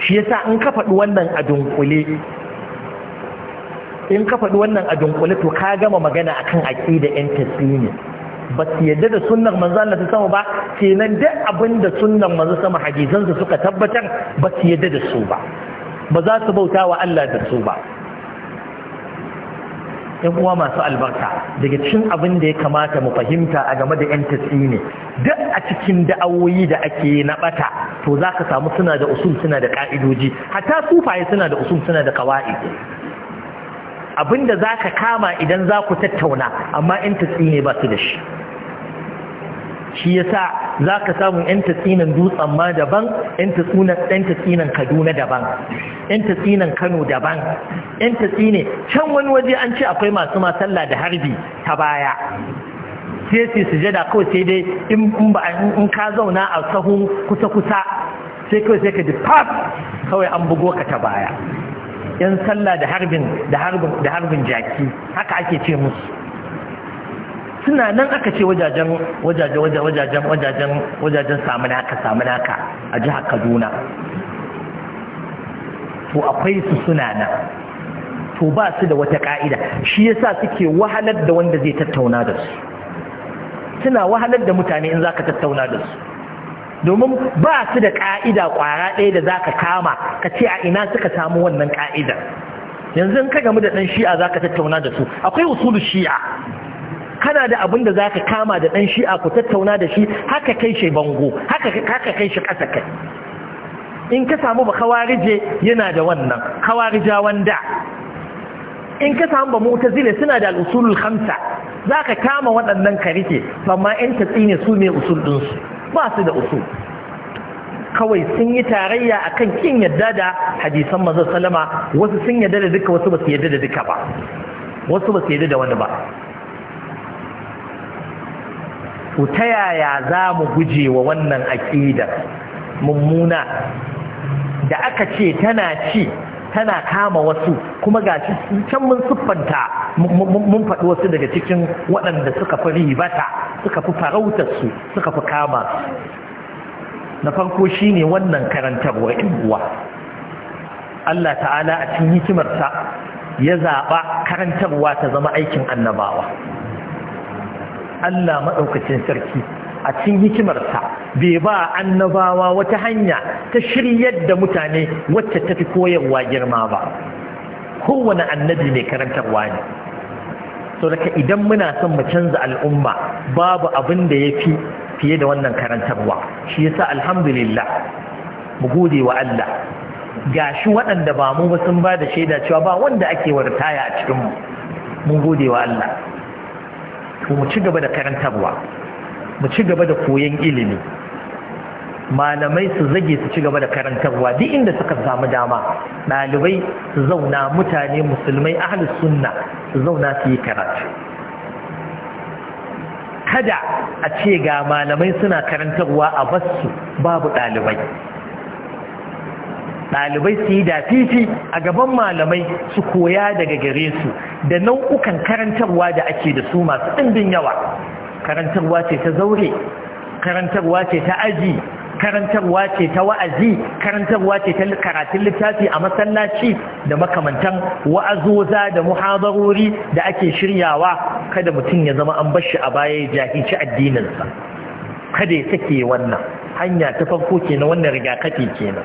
shi yasa in ka faɗi wannan a dunkule in ka faɗi wannan a dunkule to ka gama magana akan aƙida ƴan tasiri ba su yadda da sunan manzo Allah ta sama ba kenan duk abin da sunnar manzo sama su suka tabbatar ba su yadda da su ba ba za su bauta wa Allah da su ba yan uwa masu albarka daga cikin abin da ya kamata mu fahimta a game da yan tasini duk a cikin da'awoyi da ake na bata to ka samu suna da usul suna da ka'idoji hatta sufaye suna da usul suna da da abinda ka kama idan za ku tattauna amma yan ne ba su da shi shi yasa ka samu yan tatsinan dutsen ma daban yan tatsinan Kaduna daban yan tatsinan Kano daban yan tatsine can wani waje an ce akwai masu ma da harbi ta baya sai su sujada kawai sai dai in ka zauna a sahun kusa kusa sai kawai sai ka ji kawai an bugo ka ta baya yan sallah da da harbin jaki haka ake ce musu suna nan aka ce wajajen wajajen wajajen wajajen wajajen samu naka samu a jiha kaduna to akwai su suna nan to ba su da wata ka'ida shi yasa suke wahalar da wanda zai tattauna da su suna wahalar da mutane in zaka tattauna da su domin ba su da ka'ida kwara ɗaya da zaka kama ka ce a ina suka samu wannan ka'idar yanzu in ka gamu da ɗan shi'a za ka tattauna da su akwai usulu shi'a kana da abin da za ka kama da dan shi'a ku tattauna da shi haka kai shi bango haka kai shi ƙasa kai in ka samu ba kawarije yana da wannan kawarija wanda in ka samu ba zile suna da al-usulul za ka kama waɗannan ka rike amma in ta tsine su ne usul din ba su da usul kawai sun yi tarayya a kan kin yadda da hadisan manzon salama wasu sun yadda da duka wasu ba su yadda da duka ba wasu ba su yadda da wani ba to ta yaya za mu guje wa wannan aƙidar mummuna da aka ce tana ci tana kama wasu kuma ga shi can mun siffanta mun faɗi wasu daga cikin waɗanda suka fi ribata suka fi farautarsu suka fi kama na farko shi ne wannan karantarwar uwa Allah ta'ala a cikin hikimarsa ya zaɓa karantarwa ta zama aikin annabawa Allah maɗaukacin sarki a cikin hikimarsa bai ba annabawa wata hanya ta shiryar da mutane wacce ta fi koyarwa girma ba kowane annabi mai karantarwa ne so daga idan muna son mu canza al'umma babu abin da ya fi fiye da wannan karantarwa shi yasa alhamdulillah mu gode wa Allah Ga shi waɗanda ba mu ba sun ba da shaida cewa ba wanda ake wartaya a cikinmu mun gode wa Allah mu ci gaba da karantarwa mu ci gaba da koyon ilimi malamai su zage su ci gaba da karantarwa duk inda suka samu dama ɗalibai su zauna mutane musulmai ahlus sunna su zauna su yi karatu kada a ce ga malamai suna karantarwa a basu babu ɗalibai ɗalibai su yi dafifi a gaban malamai su koya daga gare su da nau'ukan karantarwa da ake da su masu ɗimbin yawa karantarwa ce ta zaure karantarwa ce ta aji karantarwa ce ta wa'azi karantarwa ce ta karatun littafi a masallaci da makamantan wa'azoza da muhadarori da ake shiryawa kada mutum ya zama an bashi a baya ya jahilci addininsa kada ya sake wannan hanya ta farko kenan wannan rigakafi kenan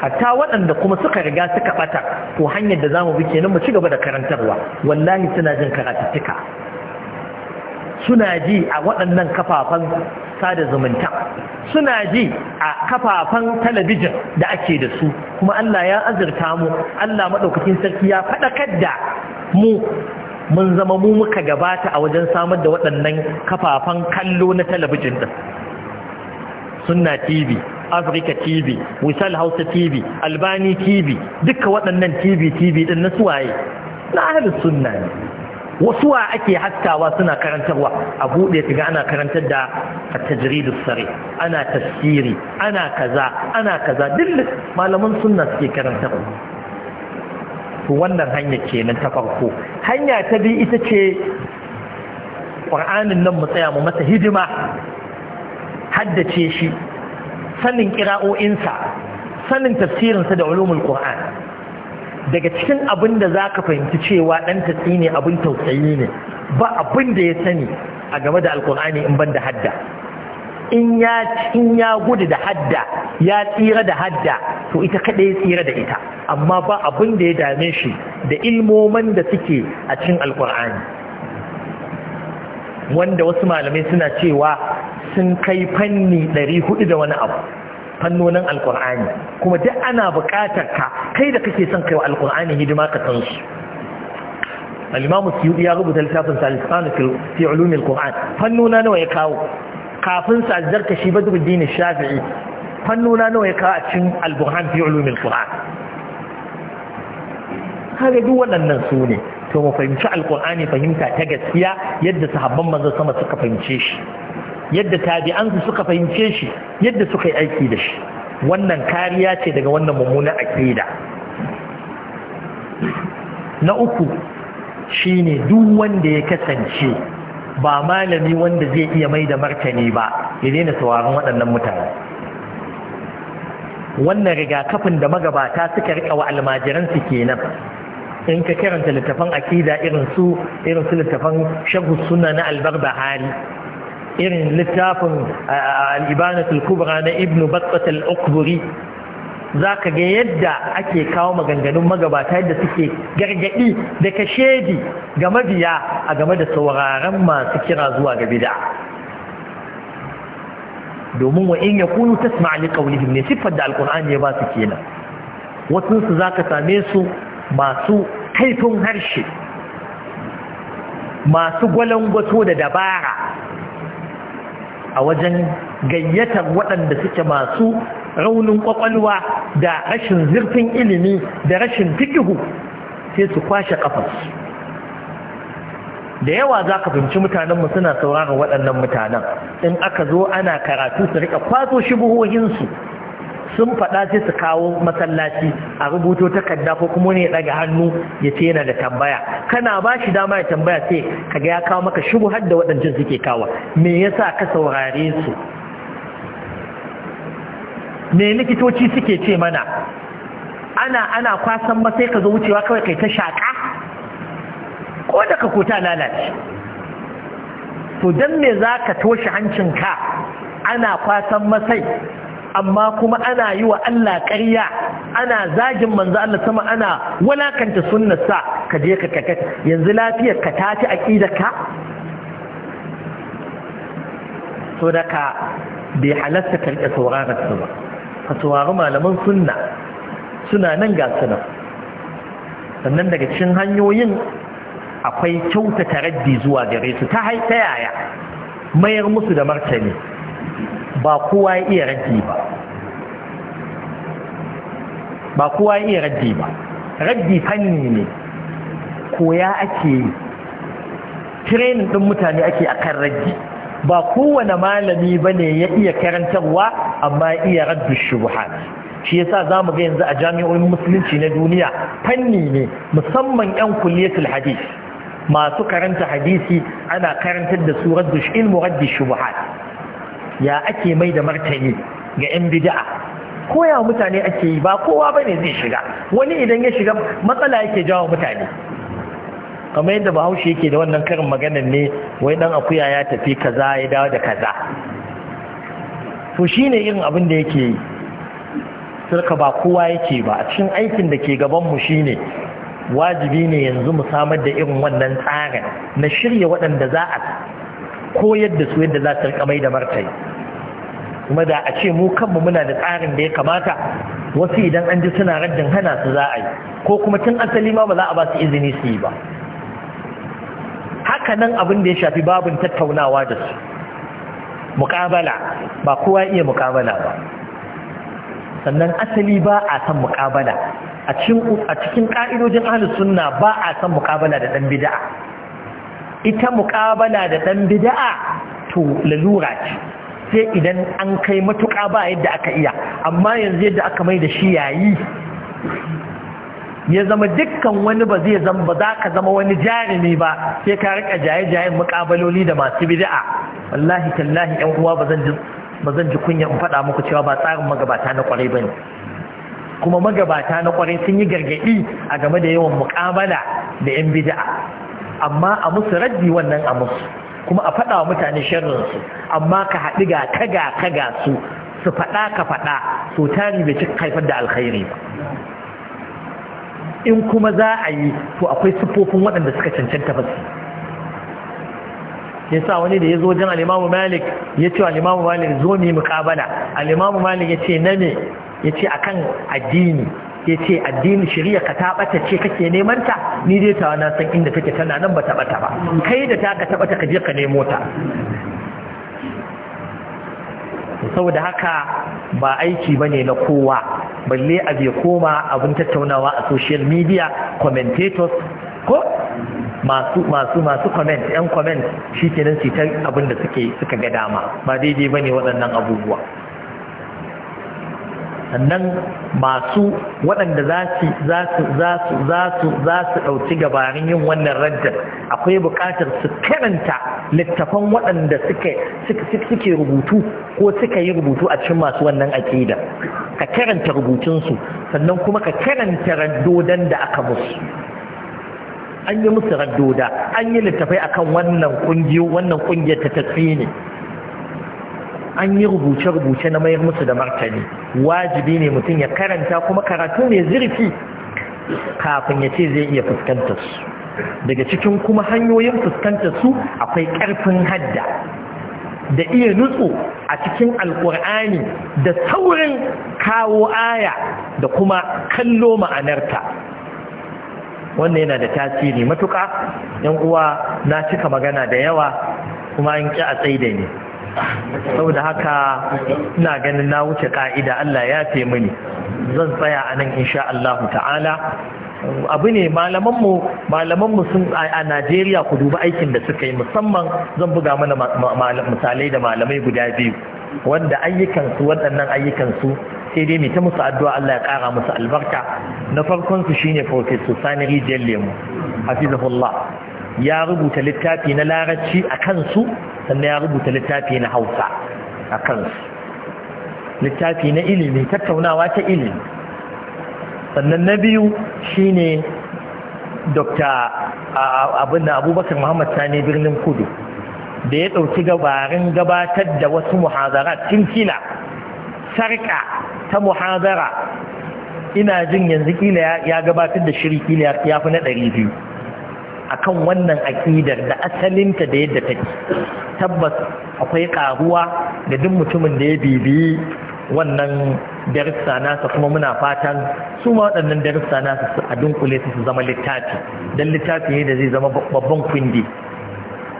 hatta waɗanda kuma suka riga suka ɓata ko hanyar da za mu bi kenan mu ci gaba da karantarwa wallahi suna jin karatuttuka suna ji a waɗannan kafafan sada zumunta suna ji a kafafen talabijin da ake da su kuma Allah ya azurta mu Allah maɗaukakin sarki ya faɗakar da mu mun zama mu muka gabata a wajen samar da waɗannan kafafen kallo na talabijin din sunna tv africa tv wisal hausa tv albani tv duka waɗannan tv tv ɗin na suwaye na ahalin sunna ne wasu wa ake haskawa suna karantarwa a buɗe ga ana karantar da tajridu sare ana tafsiri ana kaza ana kaza duk malaman sunna suke karantarwa to wannan hanya kenan ta farko hanya ta bi ita ce ƙur'anin nan mu tsaya mu masa hidima haddace shi sanin kira'o'insa sanin tafsirinsa da ulumul qur'an daga cikin abin da za ka fahimci cewa ɗan tatsi ne abin tausayi ne ba abin da ya sani a game da alkur'ani in ban da hadda in ya gudu da hadda ya tsira da hadda to ita kada ya tsira da ita amma ba abin da ya dame shi da ilmoman da suke a cikin alkur'ani wanda wasu malamai suna cewa sun kai fanni 400 da wani abu fannonin alkur'ani kuma duk ana buƙatar ka kai da kake son kaiwa alkur'ani hidima ka san su al-imam suyuti ya rubuta littafin salisan fi ulum al-qur'an fannona nawa ya kawo kafin sa zarta shi badruddin shafi'i fannona nawa ya kawo a cikin al-burhan fi ulum al-qur'an kaga duk waɗannan su ne to mu fahimci alkur'ani fahimta ta gaskiya yadda sahabban manzon sama suka fahimce shi yadda tabi'ansu suka fahimce shi yadda suka yi aiki da shi wannan kariya ce daga wannan mummunan aqida na uku shine duk wanda ya kasance ba malami wanda zai iya mai da martani ba ya daina sauraron waɗannan mutane wannan rigakafin da magabata suka rika wa almajiran su kenan in ka karanta littafan akida irin su irin su littafan shagu suna na albarbahari irin littafin al'ibanatul kubra na ibnu battat al-ukburi za ka ga yadda ake kawo maganganun magabata yadda suke gargaɗi da kashedi ga mabiya a game da sauraron masu kira zuwa ga bida domin wa in ya kunu ta sami alƙaunihim ne siffar da alƙur'ani ya ba su kenan wasunsu za ka same su masu kaifin harshe masu gwalangwato da dabara a wajen gayyatar waɗanda suke masu raunin ƙwaƙwalwa da rashin zurfin ilimi da rashin fikihu sai su kwashe ƙafarsu da yawa za ka fahimci mutanenmu suna sauraron waɗannan mutanen in aka zo ana karatu su rika kwaso shubuhohinsu sun faɗa sai su kawo masallaci a rubuto takarda ko kuma ne ya ɗaga hannu ya ce yana da tambaya kana ba shi dama ya tambaya sai kaga ya kawo maka shigo har da waɗancan suke kawo me yasa ka saurare su me likitoci suke ce mana ana ana kwasan ma sai ka zo wucewa kawai kai ta shaƙa ko da ka kota lalace to dan me za ka toshe hancinka ana kwasan masai amma kuma ana yi wa Allah ƙarya ana zagin manzo Allah sama ana walakanta sa ka je ka kaka yanzu lafiyar ka ta aqidarka to da ka bai halatta ka rike sauraron su ba ka saurari malaman sunna suna nan ga suna sannan daga cikin hanyoyin akwai kyautata raddi zuwa gare su ta yaya mayar musu da martani ba kowa ya iya raddi ba ba kowa ya iya raddi ba raddi fanni ne koya ake yi tirenin ɗin mutane ake akan raddi ba kowane malami ba ya iya karantarwa amma iya raddu shubuhat shi yasa zamu ga yanzu a jami'o'in musulunci na duniya fanni ne musamman 'yan kulliyatul hadith masu karanta hadisi ana karantar da su raddu ilmu raddi shubuhat ya ake mai da martani ga 'yan bid'a koya mutane ake yi ba kowa ba ne zai shiga wani idan ya shiga matsala yake jawo mutane kamar yadda bahaushe yake da wannan karin maganar ne wai dan akuya ya tafi kaza ya dawo da kaza to shine irin abin da yake yi sirka ba kowa yake ba a cikin aikin da ke gabanmu shine wajibi ne yanzu mu samar da irin wannan tsarin na shirya waɗanda za a koyar da su yadda za su rika mai da martani kuma da a ce mu kanmu muna da tsarin da ya kamata wasu idan an ji suna raddin hana su za a yi ko kuma tun asali ma ba za a ba su izini su yi ba haka nan abin da ya shafi babin tattaunawa da su muƙabala ba kowa iya muƙabala ba sannan asali ba a san muƙabala a cikin ƙa'idojin ahlus sunna ba a san muƙabala da ɗan bida'a. ita muƙabala da ɗan bida'a to lalura ce sai idan an kai matuƙa ba yadda aka iya amma yanzu yadda aka mai da shi yayi ya zama dukkan wani ba zai zama ba za ka zama wani jarumi ba sai ka rika jaye-jayen muƙabaloli da masu bid'a wallahi tallahi yan uwa ba zan ji kunya in faɗa muku cewa ba tsarin magabata na kwarai ne kuma magabata na kwarai sun yi gargaɗi a game da yawan muƙabala da yan bida'a amma a musu raddi wannan a musu kuma a faɗa wa mutane sharrinsu amma ka haɗi ga kaga kaga su su faɗa ka faɗa to tari bai cika haifar da alkhairi ba in kuma za a yi to akwai siffofin waɗanda suka cancanta ba su ya sa wani da ya zo wajen alimamu malik ya ce alimamu malik zo ne mukabala alimamu malik ya ce na ne ya ce akan addini ya ce addini shari'a ka ta ce kake neman ta ni dai tawa na san inda take tana nan bata bata ba kai da ta ka ta ka je ka nemo ta saboda haka ba aiki bane na kowa balle a bai koma abin tattaunawa a social media commentators ko masu masu masu comment yan comment shi su ta abin da suke suka ga dama ba daidai bane waɗannan abubuwa sannan masu waɗanda za su ɗauki gabarin yin wannan rajjar akwai buƙatar su karanta littafan waɗanda suke rubutu ko suka yi rubutu a cikin masu wannan aƙida ka karanta rubutunsu sannan kuma ka karanta raddodan da aka musu an yi musu raddoda an yi littafai akan wannan ƙungiyar ta tafi ne an yi rubuce-rubuce na mayar musu da martani wajibi ne mutum ya karanta kuma karatu mai zirfi kafin ya ce zai iya fuskantar su daga cikin kuma hanyoyin fuskantar su akwai karfin hadda da iya nutsu a cikin alkur'ani da saurin kawo aya da kuma kallo ma'anarta wannan yana da tasiri matuƙa yan uwa na cika magana da yawa kuma an ƙi a tsaye da ni saboda haka ina ganin na wuce ka'ida Allah ya ce mini zan tsaya a nan insha Allah ta'ala abu ne malamanmu malamanmu sun a Najeriya ku duba aikin da suka yi musamman zan buga mana misalai da malamai guda biyu wanda ayyukansu waɗannan ayyukansu sai dai mai ta musu addu'a Allah ya ƙara musu albarka na farkonsu shine Professor Sani Rijiyar Lemu hafizahullah ya rubuta littafi na larabci a kansu sannan ya rubuta littafi na hausa a kansu littafi na ilimi tattaunawa ta ilimi sannan na biyu shine dr abinda abubakar muhammad sani birnin kudu da ya ɗauki gabarin gabatar da wasu muhazara kila sarka ta muhazara ina jin yanzu kila ya gabatar da shiri kila ya fi na ɗari biyu akan wannan aƙidar da asalinta da yadda take tabbas akwai ƙaruwa da duk mutumin da ya bibi wannan darussa nasa kuma muna fatan su ma waɗannan darussa nasa su a dunkule su su zama littafi don littafi ne da zai zama babban kundi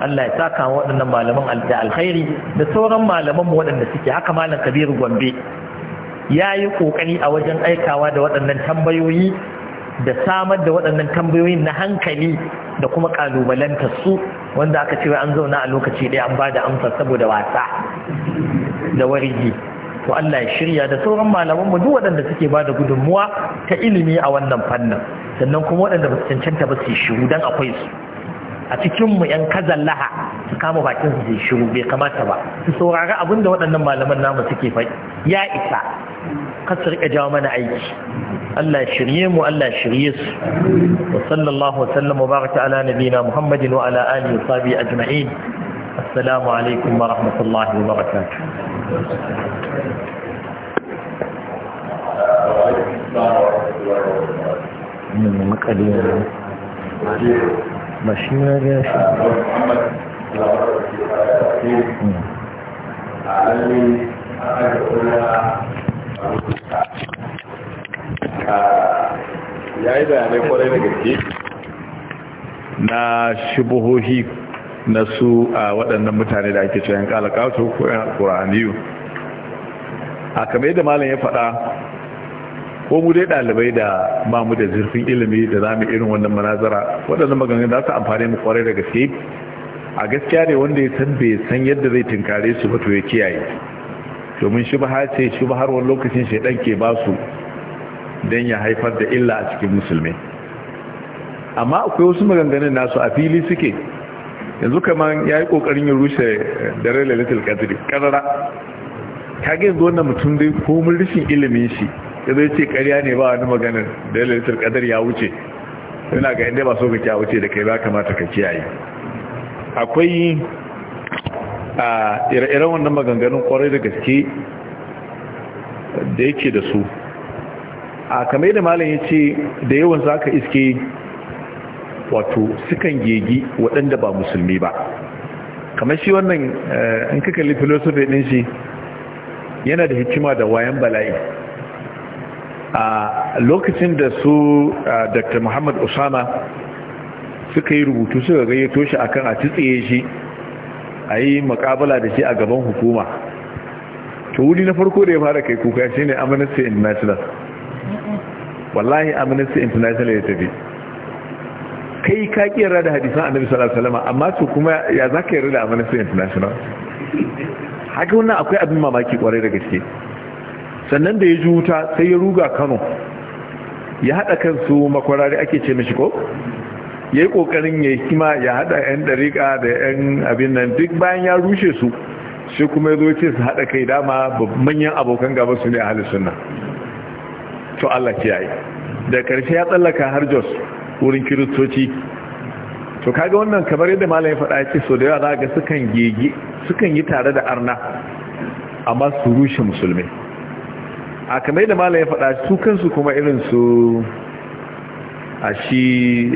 Allah ya saka waɗannan malaman da alkhairi da sauran malamanmu waɗanda suke haka malam kabiru gombe ya yi ƙoƙari a wajen aikawa da waɗannan tambayoyi da samar da waɗannan tambayoyin na hankali da kuma kalubalantar su wanda aka cewa an zauna a lokaci ɗaya an ba da amsa saboda wasa da warigi to Allah ya shirya da sauran mu duk waɗanda suke ba da gudunmuwa ta ilimi a wannan fannin sannan kuma waɗanda ba su cancanta ba su yi shiru don akwai su a cikinmu 'yan kazallaha su kama bakin su shiru bai kamata ba su saurari abin da waɗannan malaman namu suke faɗi ya isa kasar rika jawo mana aiki Allah shirye mu Allah shirye su wa sallallahu wasallam wa baraka ala nabina muhammadin wa ala alihi wa sahbihi ajma'in assalamu alaikum wa rahmatullahi wa barakatuh ba shi na ga shi ya yi bayanai kwarai da gaske na shubuhohi na su a waɗannan mutane da ake cewa yan kalakato ko yan ƙura'aniyu a kamar yadda malam ya faɗa ko mu dai dalibai da ba mu da zurfin ilimi da zamu irin wannan manazara waɗannan maganganun za su amfane mu kwarai da gaske a gaskiya ne wanda ya san bai san yadda zai tinkare su ba to ya kiyaye domin shubha ce har wani lokacin shaidan ke ba su don ya haifar da illa a cikin musulmi amma akwai wasu maganganun nasu a fili suke yanzu kaman ya yi kokarin ya rushe dare lalatul kadiri karara kage yanzu wannan mutum dai komin rashin ilimin shi ya zai ce karya ne ba wani maganin da lalitar kadar ya wuce yana ga inda ba so ka wuce da kai ba kamata ka kiyaye akwai a ire-iren wannan maganganun kwarai da gaske da yake da su a kamar da malam ya ce da yawan za ka iske wato sukan gegi waɗanda ba musulmi ba kamar shi wannan eh, in ka kalli filosofi ɗin shi yana da hikima da wayan bala'i a lokacin da su dr muhammad usama suka yi rubutu suka gayyato shi akan a titsiye shi a yi makabala da shi a gaban hukuma to wuri na farko da ya fara kai kuka shi ne amnesty international wallahi amnesty international ya tafi kai ka kera da hadisan annabi sallallahu alaihi wasallam amma su kuma ya zaka yarda da amnesty international haka wannan akwai abin mamaki kwarai da gaske sannan da ya ji wuta sai ya ruga kano ya haɗa kansu makwarari ake ce mishi ko ya yi ƙoƙarin ya yi kima ya haɗa 'yan ɗariƙa da 'yan abin nan duk bayan ya rushe su shi kuma ya zo ce su haɗa kai dama manyan abokan gaba su ne a halittun nan to Allah yayi da ƙarshe ya tsallaka har jos wurin kiristoci to kaga wannan kamar yadda malam ya faɗa ya ce so da yawa za ga sukan sukan yi tare da arna amma su rushe musulmi a kamar da malam ya faɗa su kansu kuma irin su a shi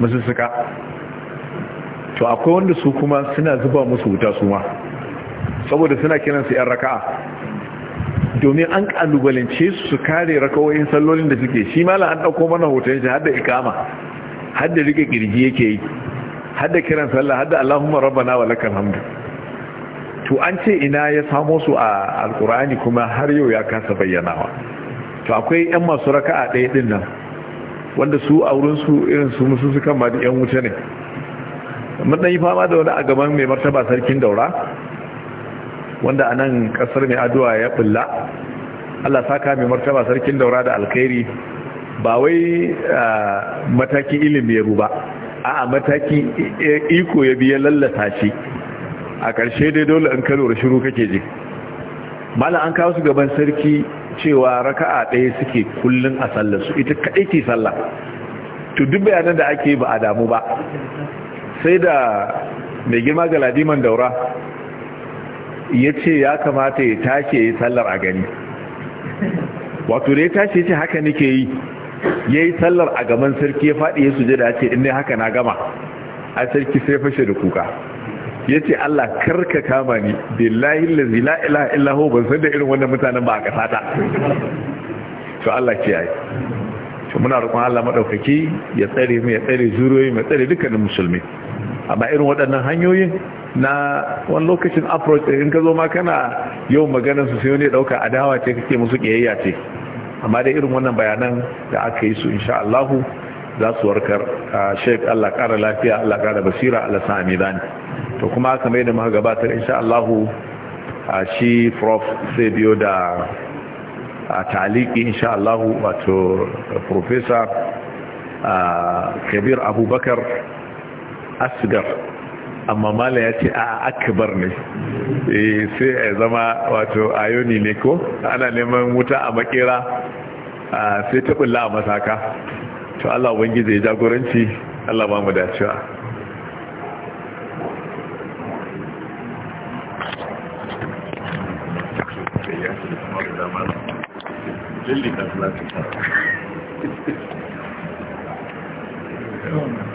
masussuka to akwai wanda su kuma suna zuba musu wuta su ma saboda suna kiransu 'yan raka'a domin an kalubalance su kare rakawoyin sallolin da suke shi mala an ɗauko mana hoton shi hadda ikama hadda rike kirji yake yi hadda kiran sallah hadda allahumma rabbana wa lakal hamdu to an ce ina ya samo su a alkur'ani kuma har yau ya kasa bayyanawa to akwai 'yan masu raka'a ɗaya ɗin nan wanda su a wurinsu irin su musu su kama da 'yan wuce ne mun yi fama da wani a gaban mai martaba sarkin daura wanda a nan ƙasar mai addu'a ya bulla allah saka mai martaba sarkin daura da alkhairi ba wai matakin ilimi ya ruba A'a mataki eh, iko ya biya lallata shi a ƙarshe dai dole in ka lura shiru kake ji malam an kawo su gaban sarki cewa raka'a ɗaya suke kullum a sallar su ita kaɗai ke sallar. to duk bayanan da ake ba a damu ba sai da mai girma ga ladiman daura ya ce ya kamata ya tashi ya yi sallar a gani wato da ya tashi ya ce haka nake yi ya yi sallar a gaban sarki ya faɗi ya suje da ce inda haka na gama a sarki sai fashe da kuka ya ce Allah karka kama ni billahi lazi la illahu ban sanda irin wannan mutanen ba a kasa ta to Allah yi su muna rukun Allah maɗaukaki ya tsare mu ya tsare zuriyoyi mai tsare dukkanin musulmi amma irin waɗannan hanyoyin na wani lokacin approach in ka zo ma kana yau maganar su sai wani ɗauka adawa ce kake musu kiyayya ce amma da irin wannan bayanan da aka yi su insha za su warkar a sheik Allah kara lafiya Allah kara basira Allah sa amizani to kuma aka mai da muka gabatar insha Allah shi prof sai biyo da a taliki insha Allah wato professor Kabir Abubakar Asgar amma mala ya ce a akbar ne eh, sai a zama wato ayoni ne ko ana neman wuta a makera sai bulla a masaka to Allah ubangiji ya jagoranci Allah ba mu dacewa Thank you.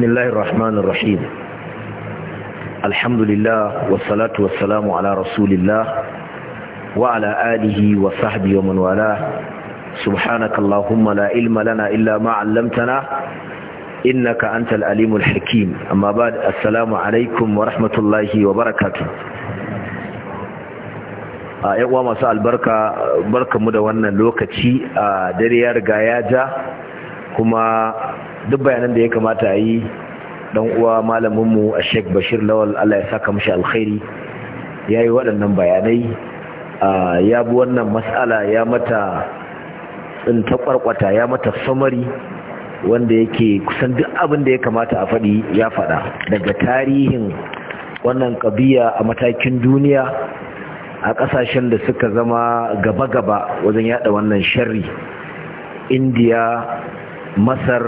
بسم الله الرحمن الرحيم الحمد لله والصلاة والسلام على رسول الله وعلى آله وصحبه ومن والاه سبحانك اللهم لا علم لنا إلا ما علمتنا إنك أنت الأليم الحكيم أما بعد السلام عليكم ورحمة الله وبركاته a yawa masu albarka barkamu da wannan lokaci a dare ya riga ya ja kuma duk bayanan da ya kamata a yi don uwa malaminmu a sheik bashir lawal allah ya saka mashi alkhairi ya yi waɗannan bayanai ya bi wannan matsala ya mata tsinta kwarkwata ya mata samari wanda yake kusan duk abin da ya kamata a faɗi ya faɗa daga tarihin wannan ƙabiya a matakin duniya a ƙasashen da suka zama gaba-gaba wajen yada wannan sharri indiya masar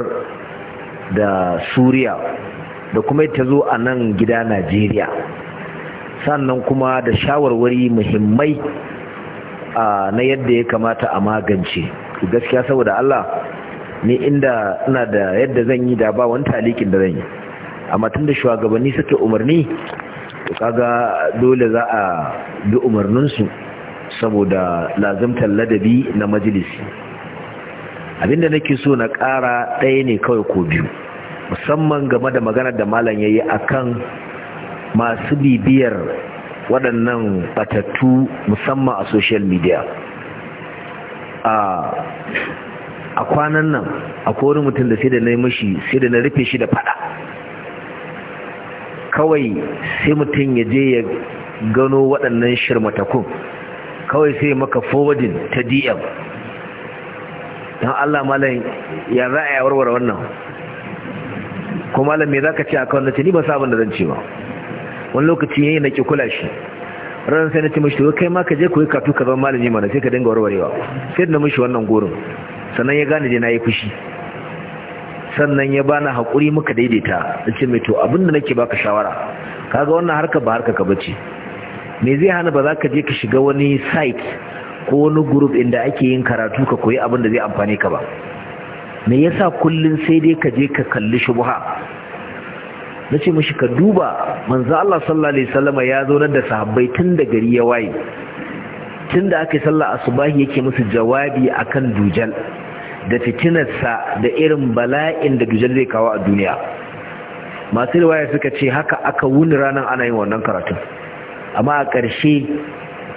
da suriya da kuma ta zo a nan gida najeriya sannan kuma da shawarwari muhimmai na yadda ya kamata a magance gaskiya saboda allah ni inda ina da yadda zan yi da ba wani talikin da zan yi amma tun da shugabanni suke umarni to kaga dole za a bi umarninsu saboda lazimtar ladabi na majalisi abinda nake so na ƙara ɗaya ne kawai ko biyu musamman game da maganar da malam ya yi a masu bibiyar waɗannan batattu musamman a social media a kwanan nan a wani mutum da sai da na yi mashi sai da na rufe shi da fada kawai sai mutum ya je ya gano waɗannan shirmatakun kawai sai maka forwarding ta dm don Allah malam ya za a yi warware wannan Kuma malam me za ka ce a kawai nace ni ba sabon da zan ce ba wani lokaci yayi na ke kula shi ran sai na ce mashi to kai ma ka je koyi ka ka zama malami mana sai ka dinga warwarewa sai na mishi wannan goron. sannan ya gane je na yi fushi sannan ya bani hakuri muka daidaita nace mai to abinda nake baka shawara kaga wannan harka ba harka ka bace me zai hana ba za ka je ka shiga wani site ko wani group inda ake yin karatu ka koyi abin da zai amfane ka ba me yasa kullun sai dai ka je ka kalli shubha nace mishi ka duba manzo Allah sallallahu alaihi wasallama ya zo da sahabbai tun da gari ya waye tun da aka yi sallah asubahi yake musu jawabi akan dujal da fitinarsa da irin bala'in da dujal zai kawo a duniya masu riwaya suka ce haka aka wuni ranar ana yin wannan karatun amma a ƙarshe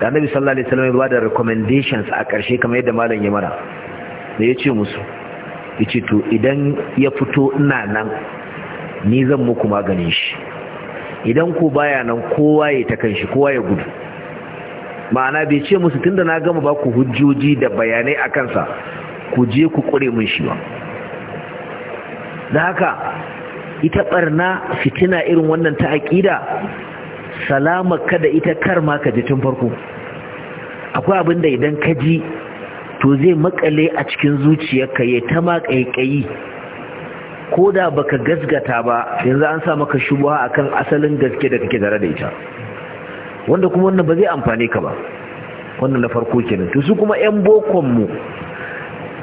da annabi sallallahu alaihi wasallam ya bada recommendations a ƙarshe kamar yadda malam ya mara da yace musu yace to idan ya fito ina nan ni zan muku maganin shi idan ku baya nan kowa ya ta kanshi kowa ya gudu ma'ana bai ce musu tunda na gama ba ku hujjoji da bayanai a kansa ku je ku kure mun shi ba da haka ita barna fitina irin wannan ta aƙida salama kada ita kar ma ka ji tun farko akwai abin da idan ka ji to zai makale a cikin zuciyarka ya ta ma kaikayi ko da baka gasgata ba yanzu an sa maka shubuha akan asalin gaske da kake tare da ita wanda kuma wannan ba zai amfane ka ba wannan na farko kenan to su kuma yan bokon mu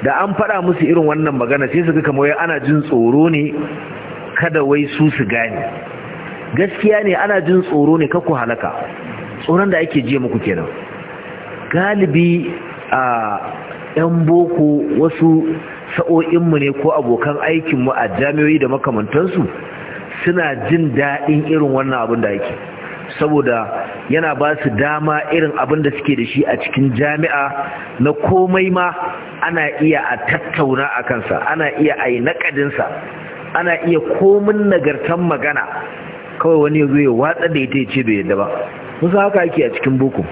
da an fada musu irin wannan magana sai su ga kamar ana jin tsoro ne kada wai su su gane gaskiya ne ana jin tsoro ne kakku halaka tsoron da ake ji muku kenan galibi a yan boko wasu sa'o'inmu ne ko abokan aikinmu a jami'oi da makamantansu suna jin daɗin irin wannan abin da ake saboda yana ba su dama irin abin da suke da shi a cikin jami'a na komai ma ana iya a tattauna a kansa ana iya a yi naƙadinsa ana iya komin nagartan magana kawai wani ya zo ya watsa da ita ya ce bai yadda ba musu haka ake a cikin boko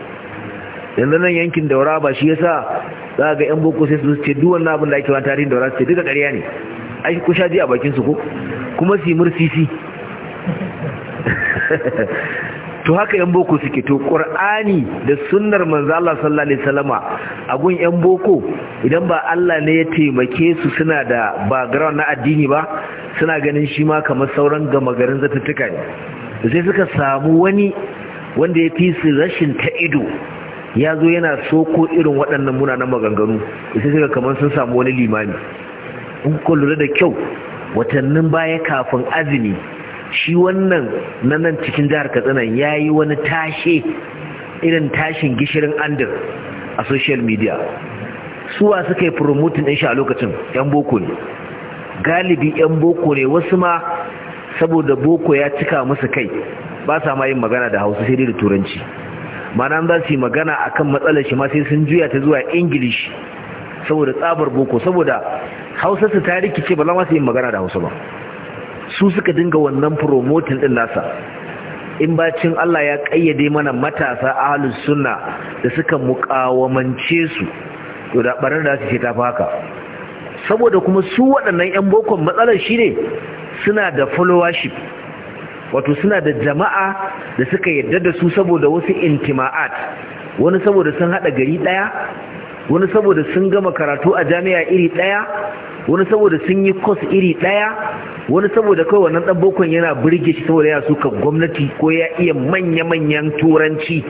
yanzu nan yankin daura ba shi yasa za ga yan boko sai su ce duwan wannan abin da ake wani tarihin daura su ce duka ƙarya ne ake kusa ji a bakin su ko kuma simir sisi [laughs] to haka yan boko suke to qur'ani da sunnar manzo Allah sallallahu alaihi wasallama agun yan boko idan ba Allah ne ya taimake su suna da background na addini ba suna ganin shi ma kamar sauran gama garin zatuttuka ne sai suka samu wani wanda ya fi su rashin ta ido ya zo yana soko irin waɗannan munanan maganganu sai suka kamar sun samu wani limami in ku da kyau watannin baya kafin azumi shi wannan na nan cikin jihar katsina ya yi wani tashe irin tashin gishirin andir a social media suwa suka yi promoting ɗin shi a lokacin 'yan boko ne galibi 'yan boko ne wasu ma saboda boko ya cika musu kai ba sa ma yin magana da hausa sai dai da turanci mana za su yi magana a kan matsalar shi ma sai sun juya ta zuwa ingilishi saboda tsabar boko saboda hausa su ta rikice ba za su yi magana da hausa ba su suka dinga wannan promotin din nasa in bacin Allah ya kayyade mana matasa ahlus sunna da suka muƙawamance su to da barar da su ce haka saboda kuma su waɗannan 'yan bokon matsalar shi ne suna da followership wato suna da jama'a da suka yadda da su saboda wasu intima'at wani saboda sun haɗa gari ɗaya wani saboda sun gama karatu a jami'a iri ɗaya wani saboda sun yi kwas iri ɗaya wani saboda kawai wannan ɗan bokon yana birge shi saboda ya suka gwamnati ko ya iya manya-manyan turanci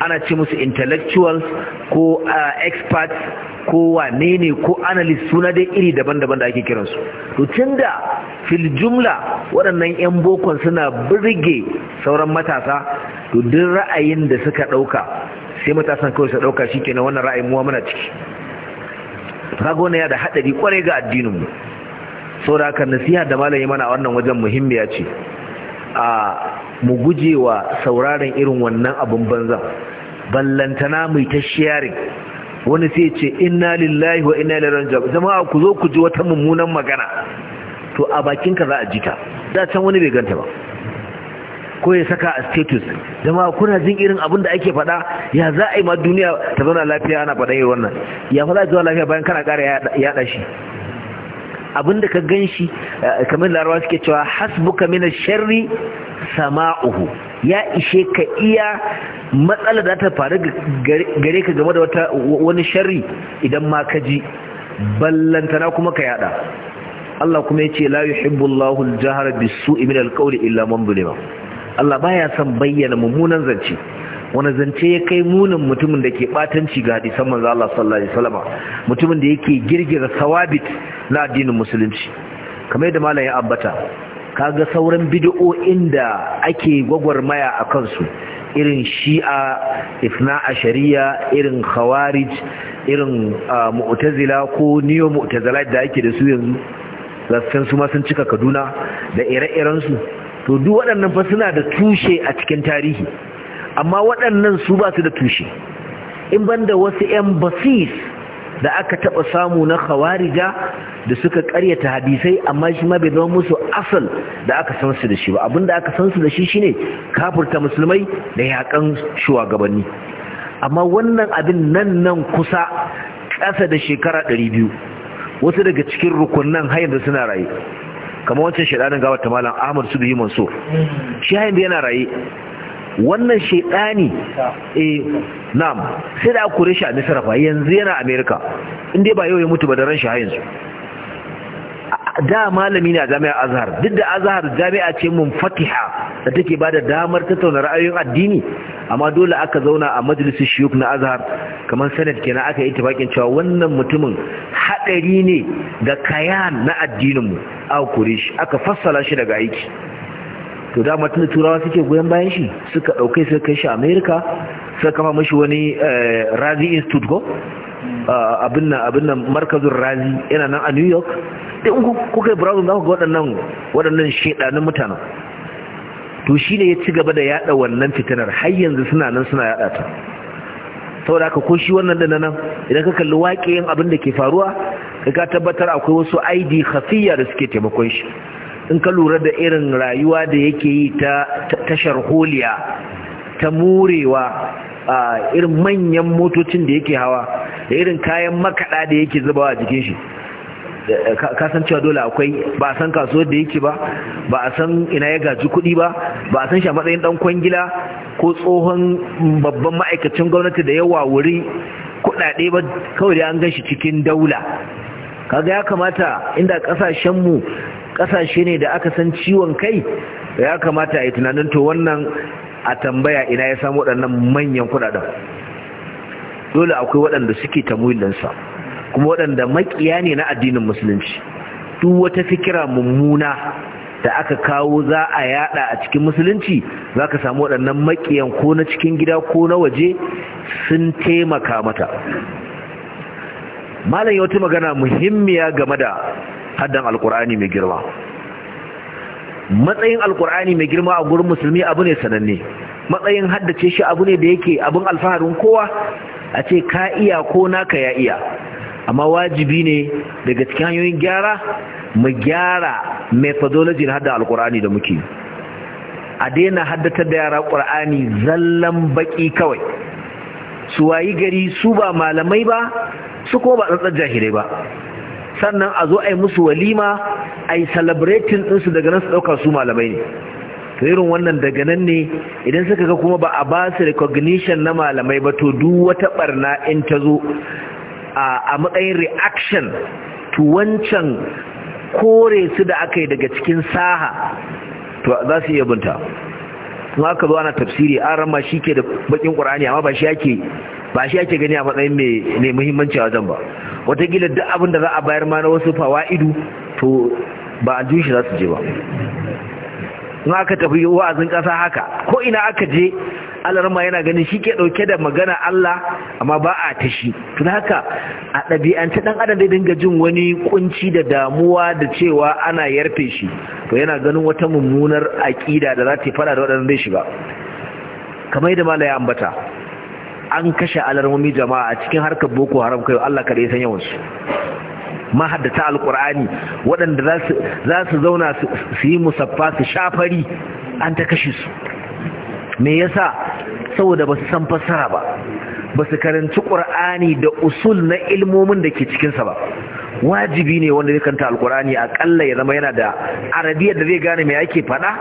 ana ce musu intellectuals ko uh, experts ko wane ne ko analyst suna dai iri daban-daban da ake kiransu to tunda fil jumla waɗannan 'yan bokon suna birge sauran matasa to duk ra'ayin da suka ɗauka sai matasan kawai su ɗauka shi kenan wannan ra'ayin muwa muna ciki ragona ya da hadari kwarai ga addinin mu saboda haka nasiha da malami mana a wannan wajen muhimmiya ce a mu guje wa sauraron irin wannan abun banza ballantana mai ta sharing wani sai ce inna lillahi wa inna ilaihi raji'un jama'a ku zo ku ji wata mummunan magana to a bakin ka za a jita da can wani bai ganta ba ko ya saka a status zama kuna jin irin abin da ake fada ya za a yi ma duniya ta zauna lafiya ana faɗa yin wannan ya fa za a zauna lafiya bayan kana ƙara yaɗa shi abin da ka gan shi eh, kamar larawa suke cewa hasbuka mina sharri sama'uhu ya ishe ka iya matsala da ta faru gare ka game da wata wani sharri idan ma ka ji ballantana kuma ka yada Allah kuma ya ce la yuhibbullahu al jahara bis-su'i min al-qawli illa man zulima Allah baya son bayyana mummunan zance wani zance ya kai munin mutumin da ke batanci ga hadisan manzo Allah sallallahu alaihi wasallam mutumin da yake girgira sawabit na addinin musulunci kamar yadda malamin ya ambata kaga sauran bid'o'in da ake gwagwarmaya a kansu irin shi'a ifna a shari'a irin khawarij irin mu'tazila ko niyo mu'tazila da ake da su yanzu zasu su ma sun cika kaduna da ire-irensu to duk waɗannan fa suna da tushe a cikin tarihi amma waɗannan su ba su da tushe in banda wasu 'yan basis da aka taɓa samu na khawarija da suka ƙaryata hadisai amma shi ma bai zama musu asal da aka san su da shi ba abinda aka san su da shi shine kafurta musulmai da yaƙan shugabanni amma wannan abin nan nan kusa ƙasa da shekara 200 wasu daga cikin rukunnan har suna raye kamar wancan shaidanin gawar ta malam ahmad su yi mansur shi hain da yana raye wannan shaidani eh na'am sai da aka rasha shi a yanzu yana Amerika, in dai ba yau ya mutu ba da ran shi da malami na a jami'ar azhar duk da azhar jami'a ce mun fatiha da take ba da damar tattauna ra'ayoyin addini amma dole aka zauna a majalisar shiyuk na azhar kamar sanad kenan aka yi tabakin cewa wannan mutumin hadari ne ga kayan na addininmu mu kore shi aka fassala shi daga aiki to da mutum turawa suke goyon bayan shi suka dauke suka kai shi america suka kama mashi wani eh, razi institute go eh, abin nan markazin razi yana nan a new york in kuka yi burazun za ku ga waɗannan shaɗanin mutanen to shi ne ya ci gaba da yaɗa wannan fitinar har yanzu suna nan suna yaɗa ta saboda haka ko shi wannan da nan idan ka kalli yin abin da ke faruwa kai ka tabbatar akwai wasu ID hafiya da suke taimakon shi in ka lura da irin rayuwa da yake yi ta tashar holiya ta murewa irin manyan motocin da yake hawa da irin kayan makaɗa da yake zubawa jikin shi cewa dole akwai ba a san kasuwar da yake ba ba a san ina ya gaji kuɗi ba ba a san shi a matsayin dan kwangila ko tsohon babban ma'aikacin gwamnati da yawa wuri kuɗaɗe ba kawai da an gan shi cikin daula kaga ya kamata inda ƙasashenmu kasashe ne da aka san ciwon kai ya kamata a yi tunanin to wannan a tambaya ina ya samu waɗannan manyan kuɗaɗen dole akwai waɗanda suke tamulinsa kuma waɗanda makiya ne na addinin musulunci duk wata fikira mummuna da aka kawo za a yada a cikin musulunci za ka samu waɗannan makiyan ko na cikin gida ko na waje sun taimaka mata malam ya wata magana muhimmiya game da haddan alkur'ani mai girma matsayin alkur'ani mai girma a gurin musulmi abu ne sananne matsayin haddace shi abu ne da yake abin alfaharin kowa a ce ka iya ko naka ya iya amma wajibi ne daga cikin hanyoyin gyara mu gyara methodology na hada alkur'ani da muke a daina haddatar da yara ƙur'ani zallan baƙi kawai su wayi gari su ba malamai ba su ko ba tsatsar jahilai ba sannan a zo a yi musu walima a yi celebrating ɗinsu daga nan su ɗauka su malamai ne to irin wannan daga nan ne idan suka ga kuma ba a basu su recognition na malamai ba to duk wata ɓarna in ta zo a matsayin reaction to wancan kore su da aka yi daga cikin saha to za su iya binta kuma aka zo ana tafsiri an rama shi ke da bakin ƙur'ani amma ba shi ake ba shi yake gani a matsayin mai muhimmanci wajen ba watakila duk abin da za a bayar ma na wasu fawa'idu to ba a jushi za su je ba in aka tafi wa'azin ƙasa haka ko ina aka je alarma yana ganin shi ke ɗauke da magana Allah amma ba a ta shi tun haka a ɗabi'ance ɗan adam da dinga jin wani kunci da damuwa da cewa ana yarfe shi to yana ganin wata mummunar aƙida da za ta yi fara da waɗannan zai shiga kamar yadda mala ya ambata an kashe alarmomi jama'a a cikin harkar boko haram kai Allah kada ya san ma mahaddata alkur'ani waɗanda za su zauna su yi musaffa su shafari an ta kashe su me yasa saboda ba su san fassara ba ba su karanci ƙur'ani da usul na ilmomin da ke cikinsa ba wajibi ne wanda zai kanta alƙur'ani aƙalla ya zama yana da arabiyar da zai gane mai ake faɗa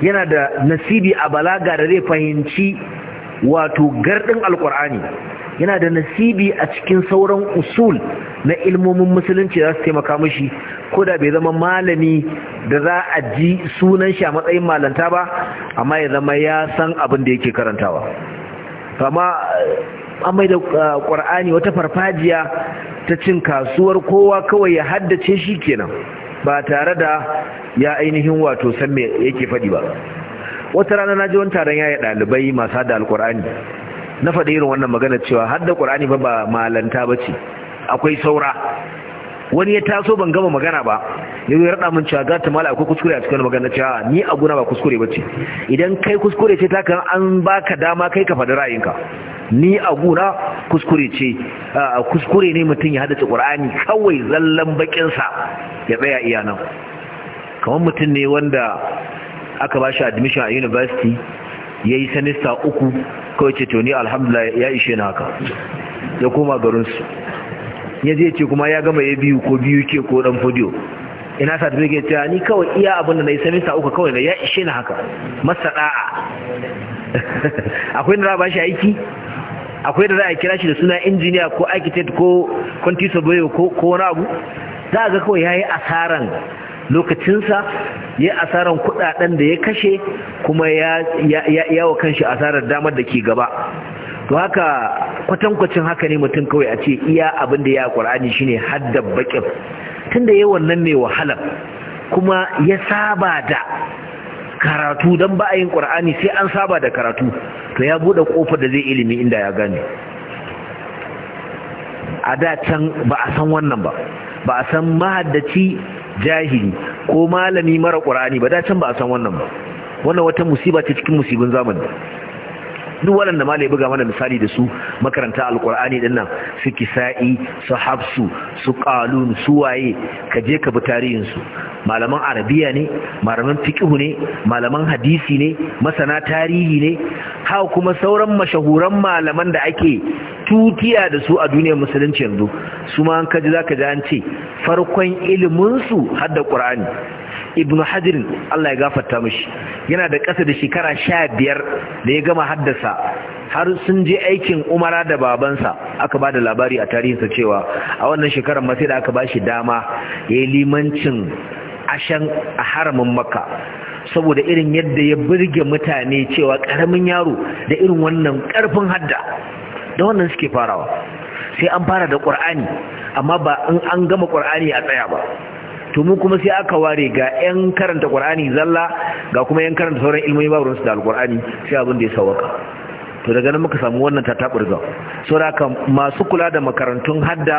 yana da nasibi a balaga da zai fahimci wato gardin alƙur'ani yana da nasibi a cikin sauran usul na ilmomin musulunci za su taimaka mashi ko da bai zama malami da za a ji sunan shi a matsayin malanta ba amma ya zama ya san abin da yake karantawa amma an mai da ƙwar'ani uh, wata farfajiya ta cin kasuwar kowa kawai ya haddace shi kenan ba tare da ya ainihin wato san me yake faɗi ba wata rana na ji wani taron yaya ɗalibai masu da alƙur'ani na faɗi irin wannan magana cewa har da ƙur'ani ba ba malanta ba ce akwai saura wani ya taso ban gama magana ba ya zai raɗa min cewa ga ta mala akwai kuskure a cikin magana cewa ni a guna ba kuskure ba ce idan kai kuskure ce ta kan an ka dama kai ka faɗi ra'ayinka ni a guna kuskure ce kuskure ne mutum ya ta ƙur'ani kawai zallan bakinsa ya tsaya iya nan kamar mutum ne wanda aka ba shi admission a university ya yi sanista uku kawai ce to ni alhamdulillah ya ishe na haka ya koma garinsu ya zai ce kuma ya gama ya biyu ko biyu ke ko dan fodiyo ina sa da ke ta ni kawai iya abinda na yi sanista uku kawai na ya ishe na haka masa da'a [laughs] akwai da ba shi aiki akwai da za a kira shi da suna injiniya ko architect ko kwanti saboda ko wani abu za a ga kawai ya yi asaran lokacinsa ya asaran kudaden da ya kashe kuma ya wa kanshi asarar damar da ke gaba to haka kwatankwacin haka ne mutum kawai a ce iya abin da ya ƙwar'ani shine hadda baƙin tunda ya wannan mai wahala kuma ya saba da karatu don ba a yin ƙwar'ani sai an saba da karatu to ya buɗe ƙofar da zai ilimi inda ya gane a da can ba a san wannan ba ba a san mahaddaci jahili ko malami mara ƙurani ba da can ba a san wannan ba wannan wata musiba ce cikin musibin zamani duk waɗanda ma ya buga mana misali da su makaranta alkur'ani din nan su kisa'i su hafsu su ƙalun, su waye ka je ka bi tarihin su malaman arabiya ne malaman fiqh ne malaman hadisi ne masana tarihi ne ha kuma sauran mashahuran malaman da ake tutiya da su a duniyar musulunci yanzu su ma an kaji zaka ji an ce farkon ilimin su hadda ƙur'ani. ibnu hadirin Allah ya gafarta mashi yana da ƙasa da shekara sha biyar da ya gama haddasa har sun je aikin umara da babansa aka ba da labari a tarihinsa cewa a wannan shekarar masai da aka ba shi dama ya yi limancin ashen a haramin maka saboda irin yadda ya birge mutane cewa ƙaramin yaro da irin wannan ƙarfin hadda da wannan suke farawa sai an fara da ƙur'ani amma ba in an gama ƙur'ani a tsaya ba to mu kuma sai aka ware ga yan karanta qur'ani zalla ga kuma yan karanta sauran ilmomi babu ruwansu da alqur'ani sai abin da ya sawaka to daga nan muka samu wannan tataburga saboda masu kula da makarantun hadda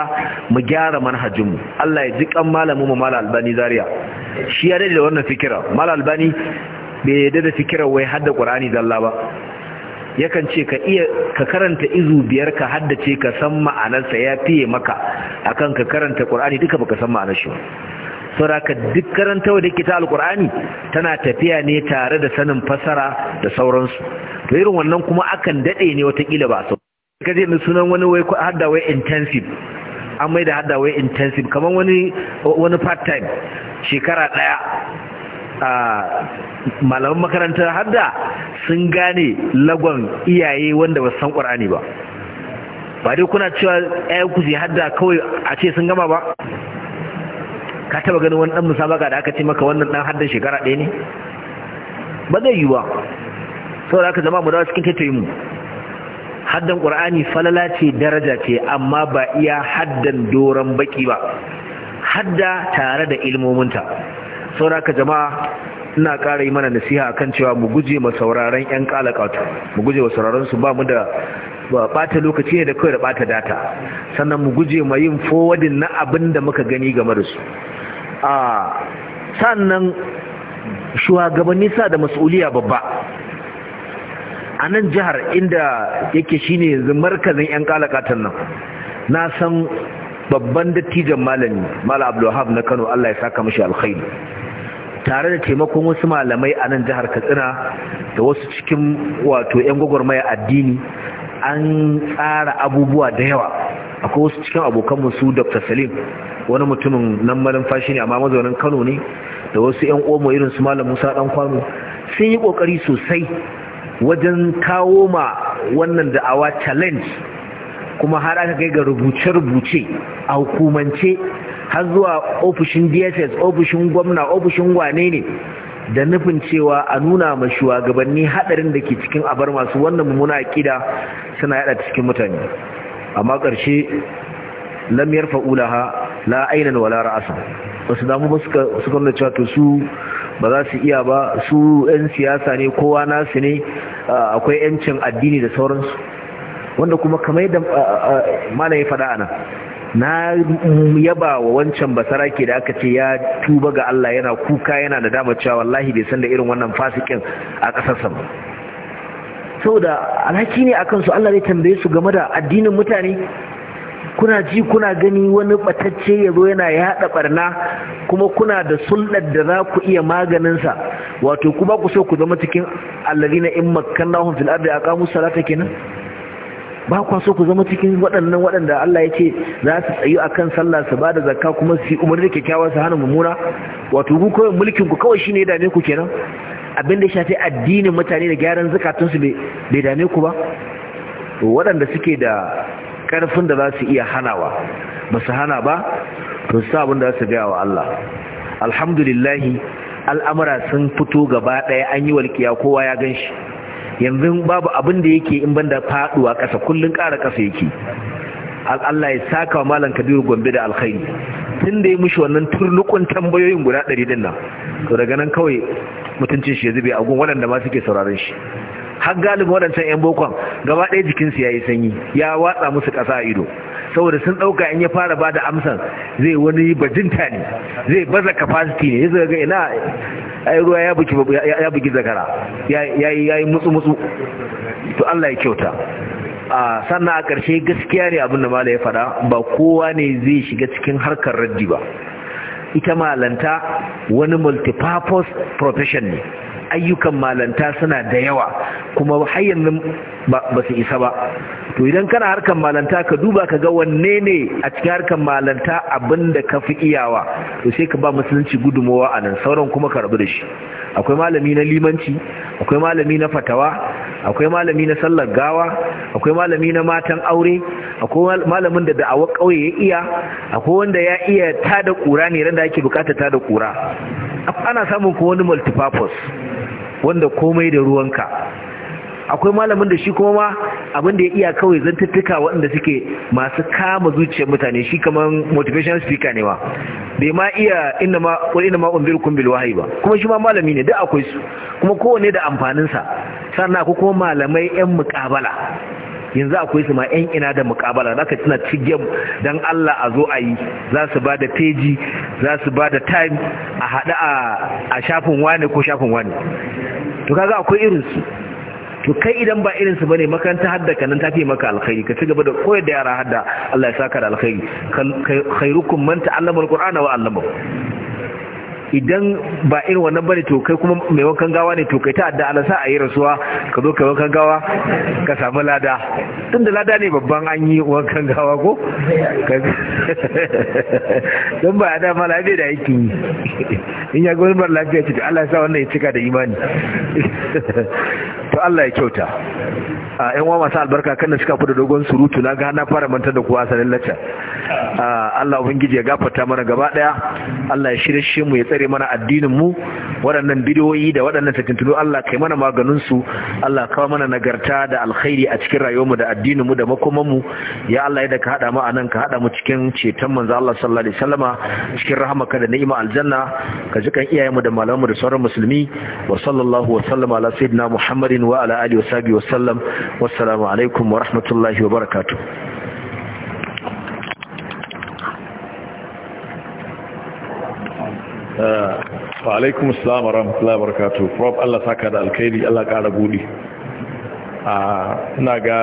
mu gyara manhajinmu Allah ya ji kan malamin mu malal albani zaria shi ya dade da wannan fikira malal albani bai yadda da fikirar wai hadda qur'ani zalla ba yakan ce ka iya ka karanta izu biyar ka haddace ka san ma'anarsa ya fiye maka akan ka karanta qur'ani duka baka san ma'anar shi sauraka duk karantawa da ke ta alkur'ani tana tafiya ne tare da sanin fasara da sauransu to irin wannan kuma akan dade ne kila ba sau ka je mai sunan wani wai haddawai intensive an mai da haddawai intensive kamar wani wani part time shekara ɗaya a malaman makarantar hadda sun gane lagon iyaye wanda ba san qur'ani ba ba dai kuna cewa 'ya'yanku su hadda kawai a ce sun gama ba ka taba ganin wani dan musabaka da aka ce maka wannan dan haddan shekara ɗaya ne ba zai yiwa saboda haka jama'a mu dawo cikin tattayi mu haddan qur'ani falala ce daraja ce amma ba iya haddan doron baki ba hadda tare da ilmominta saboda haka jama'a ina ƙara yi mana nasiha kan cewa mu guje ma sauraron yan kalakatu mu guje wa sauraron su ba mu da ba bata lokaci ne da kawai da bata data sannan mu guje ma yin fowadin na abin da muka gani game da su a sannan shugabanni sa da mas'uliya babba a nan jihar inda yake shine yanzu markazin 'yan kalakatan nan na san babban dattijan malami mala Abdulwahab na kano allah ya saka mashi alkhairi tare da taimakon wasu malamai a nan jihar katsina da wasu cikin wato 'yan gwagwarmaya addini an tsara abubuwa da yawa akwai wasu cikin abokan su dr salim wani mutumin nan malin fashi ne amma mazaunin kano ne da wasu 'yan omo irin su malam musa dan kwano sun yi kokari sosai wajen kawo ma wannan da'awa challenge kuma har aka kai ga rubuce-rubuce a hukumance har zuwa ofishin dss ofishin gwamna ofishin wane ne da nufin cewa a nuna ma shugabanni hadarin da ke cikin abar masu wannan mummuna akida suna yada cikin mutane amma ƙarshe lam fa'ulaha. la ainan wala ra'asa wasu damu ba su kan nuna cewa to su ba za su iya ba su 'yan siyasa ne kowa nasu ne akwai 'yancin addini da sauransu wanda kuma kamar yadda malam fada faɗa a na yaba wa wancan basarake da aka ce ya tuba ga Allah yana kuka yana da dama cewa wallahi bai san da irin wannan fasikin a ƙasarsa ba saboda alhaki ne akan su Allah zai tambaye su game da addinin mutane kuna ji kuna gani wani batacce ya zo yana yaɗa ɓarna, kuma kuna da sulɗar da za ku iya maganinsa wato kuma ku so ku zama cikin na in makkannahum fil a aqamu salata kenan ba kwa so ku zama cikin waɗannan waɗanda Allah ya ce za su tsayu a kan sallah su ba da zakka kuma su yi umarni da kyakkyawar su hana mummuna wato ku kawai mulkin ku kawai shine ya dame ku kenan abin da shafi addinin mutane da gyaran zukatunsu bai dame ku ba waɗanda suke da karfin da za su iya hanawa ba su hana ba to su abin da za su gaya wa Allah alhamdulillahi al'amura sun fito gaba ɗaya an yi walƙiya kowa ya gan shi yanzu babu abin da yake in banda faɗuwa ƙasa kullum ƙara ƙasa yake Allah ya saka wa malam kabiru gombe da alkhairi tun da ya mushi wannan turlukun tambayoyin guda ɗari din nan to daga nan kawai mutuncin shi ya zube a gun waɗanda ma suke sauraron shi har galibin waɗancan 'yan bokon gaba ɗaya jikinsu ya yi sanyi ya watsa musu ƙasa a ido saboda sun ɗauka in ya fara ba da amsan zai wani bajinta ne zai baza capacity ne ya ga ina ai ruwa ya bugi zakara ya yi mutsu-mutsu to Allah ya kyauta a sannan a ƙarshe gaskiya ne abin da mala ya faɗa ba kowa ne zai shiga cikin harkar raddi ba ita malanta wani multi-purpose profession ne ayyukan malanta suna da yawa kuma har yanzu ba su isa ba to idan kana harkan malanta ka duba ka ga wanne ne a cikin harkan malanta abinda da ka fi iyawa to sai ka ba musulunci gudumowa a nan sauran kuma ka rabu da shi akwai malami na limanci akwai malami na fatawa akwai malami na sallar gawa akwai malami na matan aure akwai malamin da da'awa kauye ya iya akwai wanda ya iya tada kura ne randa ake bukata tada kura ana samun ko wani multipurpose wanda komai da ruwanka akwai malamin da shi kuma ma abin ya iya kawai zantattuka waɗanda suke masu kama zuciyar mutane shi kamar motivational speaker ne ba bai ma iya ina ma wani ma umbil kumbil wahayi ba kuma shi ma malami ne duk akwai su kuma kowanne da amfaninsa sannan akwai kuma malamai yan muƙabala yanzu akwai su ma yan ina da mukabala zaka tana cige dan Allah a zo a yi za su ba da peji za su ba da time a hada a shafin wani ko shafin wani to kaga akwai irin su to kai idan ba irinsu bane makaranta hadda kanan nan tafi maka alkhairi ka cigaba da koyar da yara hadda Allah ya saka da alkhairi khairukum man ta'allama alqur'ana wa 'allamahu idan ba irin wannan bane to kai kuma mai wankan gawa ne to kai ta adda sa a yi rasuwa ka zo kai wankan gawa ka samu lada tun da lada ne babban an yi wankan gawa ko don ba a dama lafiya da aiki yi in ya gwani bar lafiya ce Allah ya sa wannan ya cika da imani to Allah ya kyauta a yan wa masu albarka kan da suka fi da dogon surutu na ga fara manta da kuwa sanin lacca Allah ubangiji ya gafata mana gaba daya Allah ya shirye shi mu ya tsare mana addinin mu waɗannan bidiyoyi da waɗannan tattintunu Allah kai mana maganin su Allah kawo mana nagarta da alkhairi a cikin rayuwarmu da addinin mu da makoman mu ya Allah ya da ka hada mu anan ka hada mu cikin ceton manzo Allah sallallahu alaihi wasallama cikin rahmaka da ni'ima aljanna ka jikan iyayen mu da malaman mu da sauran musulmi wa sallallahu wa sallama ala sayyidina Muhammadin wa ala alihi wa sahbihi wa sallam wassalamu alaikum wa rahmatullahi wa barakatuh uh, wa alaikum wa rahmatullahi wa barakatuh prof Allah saka da alkhairi Allah kara gudi a ina ga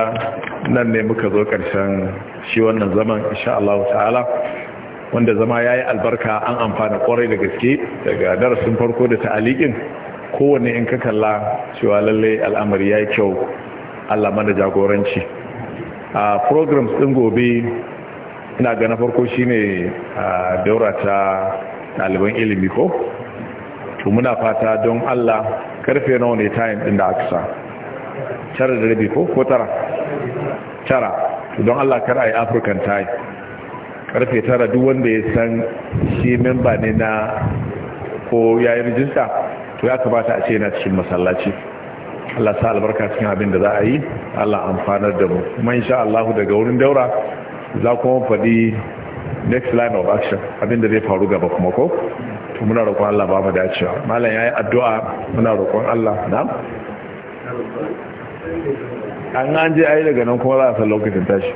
nan ne muka zo ƙarshen shi wannan zaman insha Allah ta'ala wanda zama ya yi albarka an amfana ƙwarai da gaske daga darasin farko da ta'alikin kowane in ka kalla cewa lalle al'amari ya yi kyau allah mana jagoranci a programs ɗin gobe ina ga na farko shine a daura ta ɗaliban ilimi ko to muna fata don allah karfe nawa ne time ɗin da aka sa tara da rabi ko ko tara tara don Allah kar a yi african time karfe tara duk wanda ya san shi memba ne na ko ya yi rijista to ya kamata a ce yana cikin masallaci Allah sa albarka cikin abin da za a yi Allah amfanar da mu kuma insha Allah daga wurin daura za kuma faɗi next line of action abin da zai faru gaba kuma ko to muna roƙon Allah ba mu dacewa malam yayi addu'a muna roƙon Allah na an an je ayi daga nan kuma za a san lokacin tashi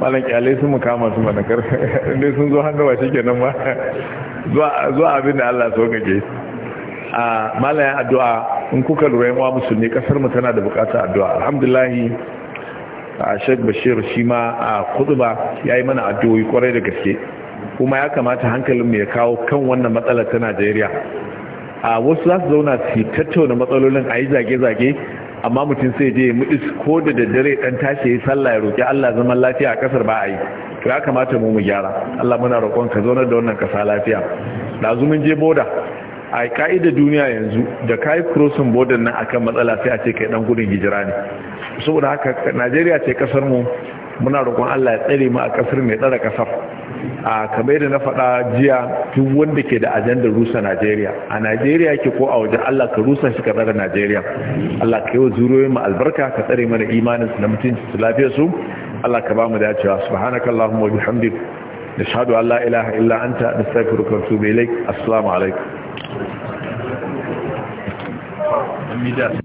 malam kyalai sun mukama su mana [laughs] inda sun zo hannu ba nan ba zuwa abin da Allah so gaje a malayan addu'a in kuka lura yawa musulmi kasar mu tana da bukatar addu'a alhamdulahi a Sheikh Bashir shi ma a ya yi mana addu'o'i kwarai da gaske kuma ya kamata hankalin mu ya kawo kan wannan matsalar ta Najeriya a wasu za su zauna su tattauna matsalolin a yi zage-zage amma mutum sai je mu is ko da daddare dan tashi yayi sallah ya roki Allah zaman lafiya a kasar ba ai to ya kamata mu mu gyara Allah muna roƙon ka zaunar da wannan kasa lafiya dazu mun je boda a ka'ida duniya yanzu da kai crossing border nan akan matsala sai a ce kai dan gudun hijira ne saboda haka Najeriya ce kasar mu muna roƙon Allah ya tsare mu a kasar mai tsare kasar a kamar da na faɗa jiya duk wanda ke da ajandar rusa najeriya a najeriya ke ko a waje allah ka rusa shi ka tsara najeriya allah ka yi wa zuriyoyi mu albarka ka tsare mana imanin su na mutunci su lafiya su allah ka ba mu dacewa Allahumma wa bihamdik nashhadu an la ilaha illa anta nastaghfiruka wa natubu ilaik assalamu alaikum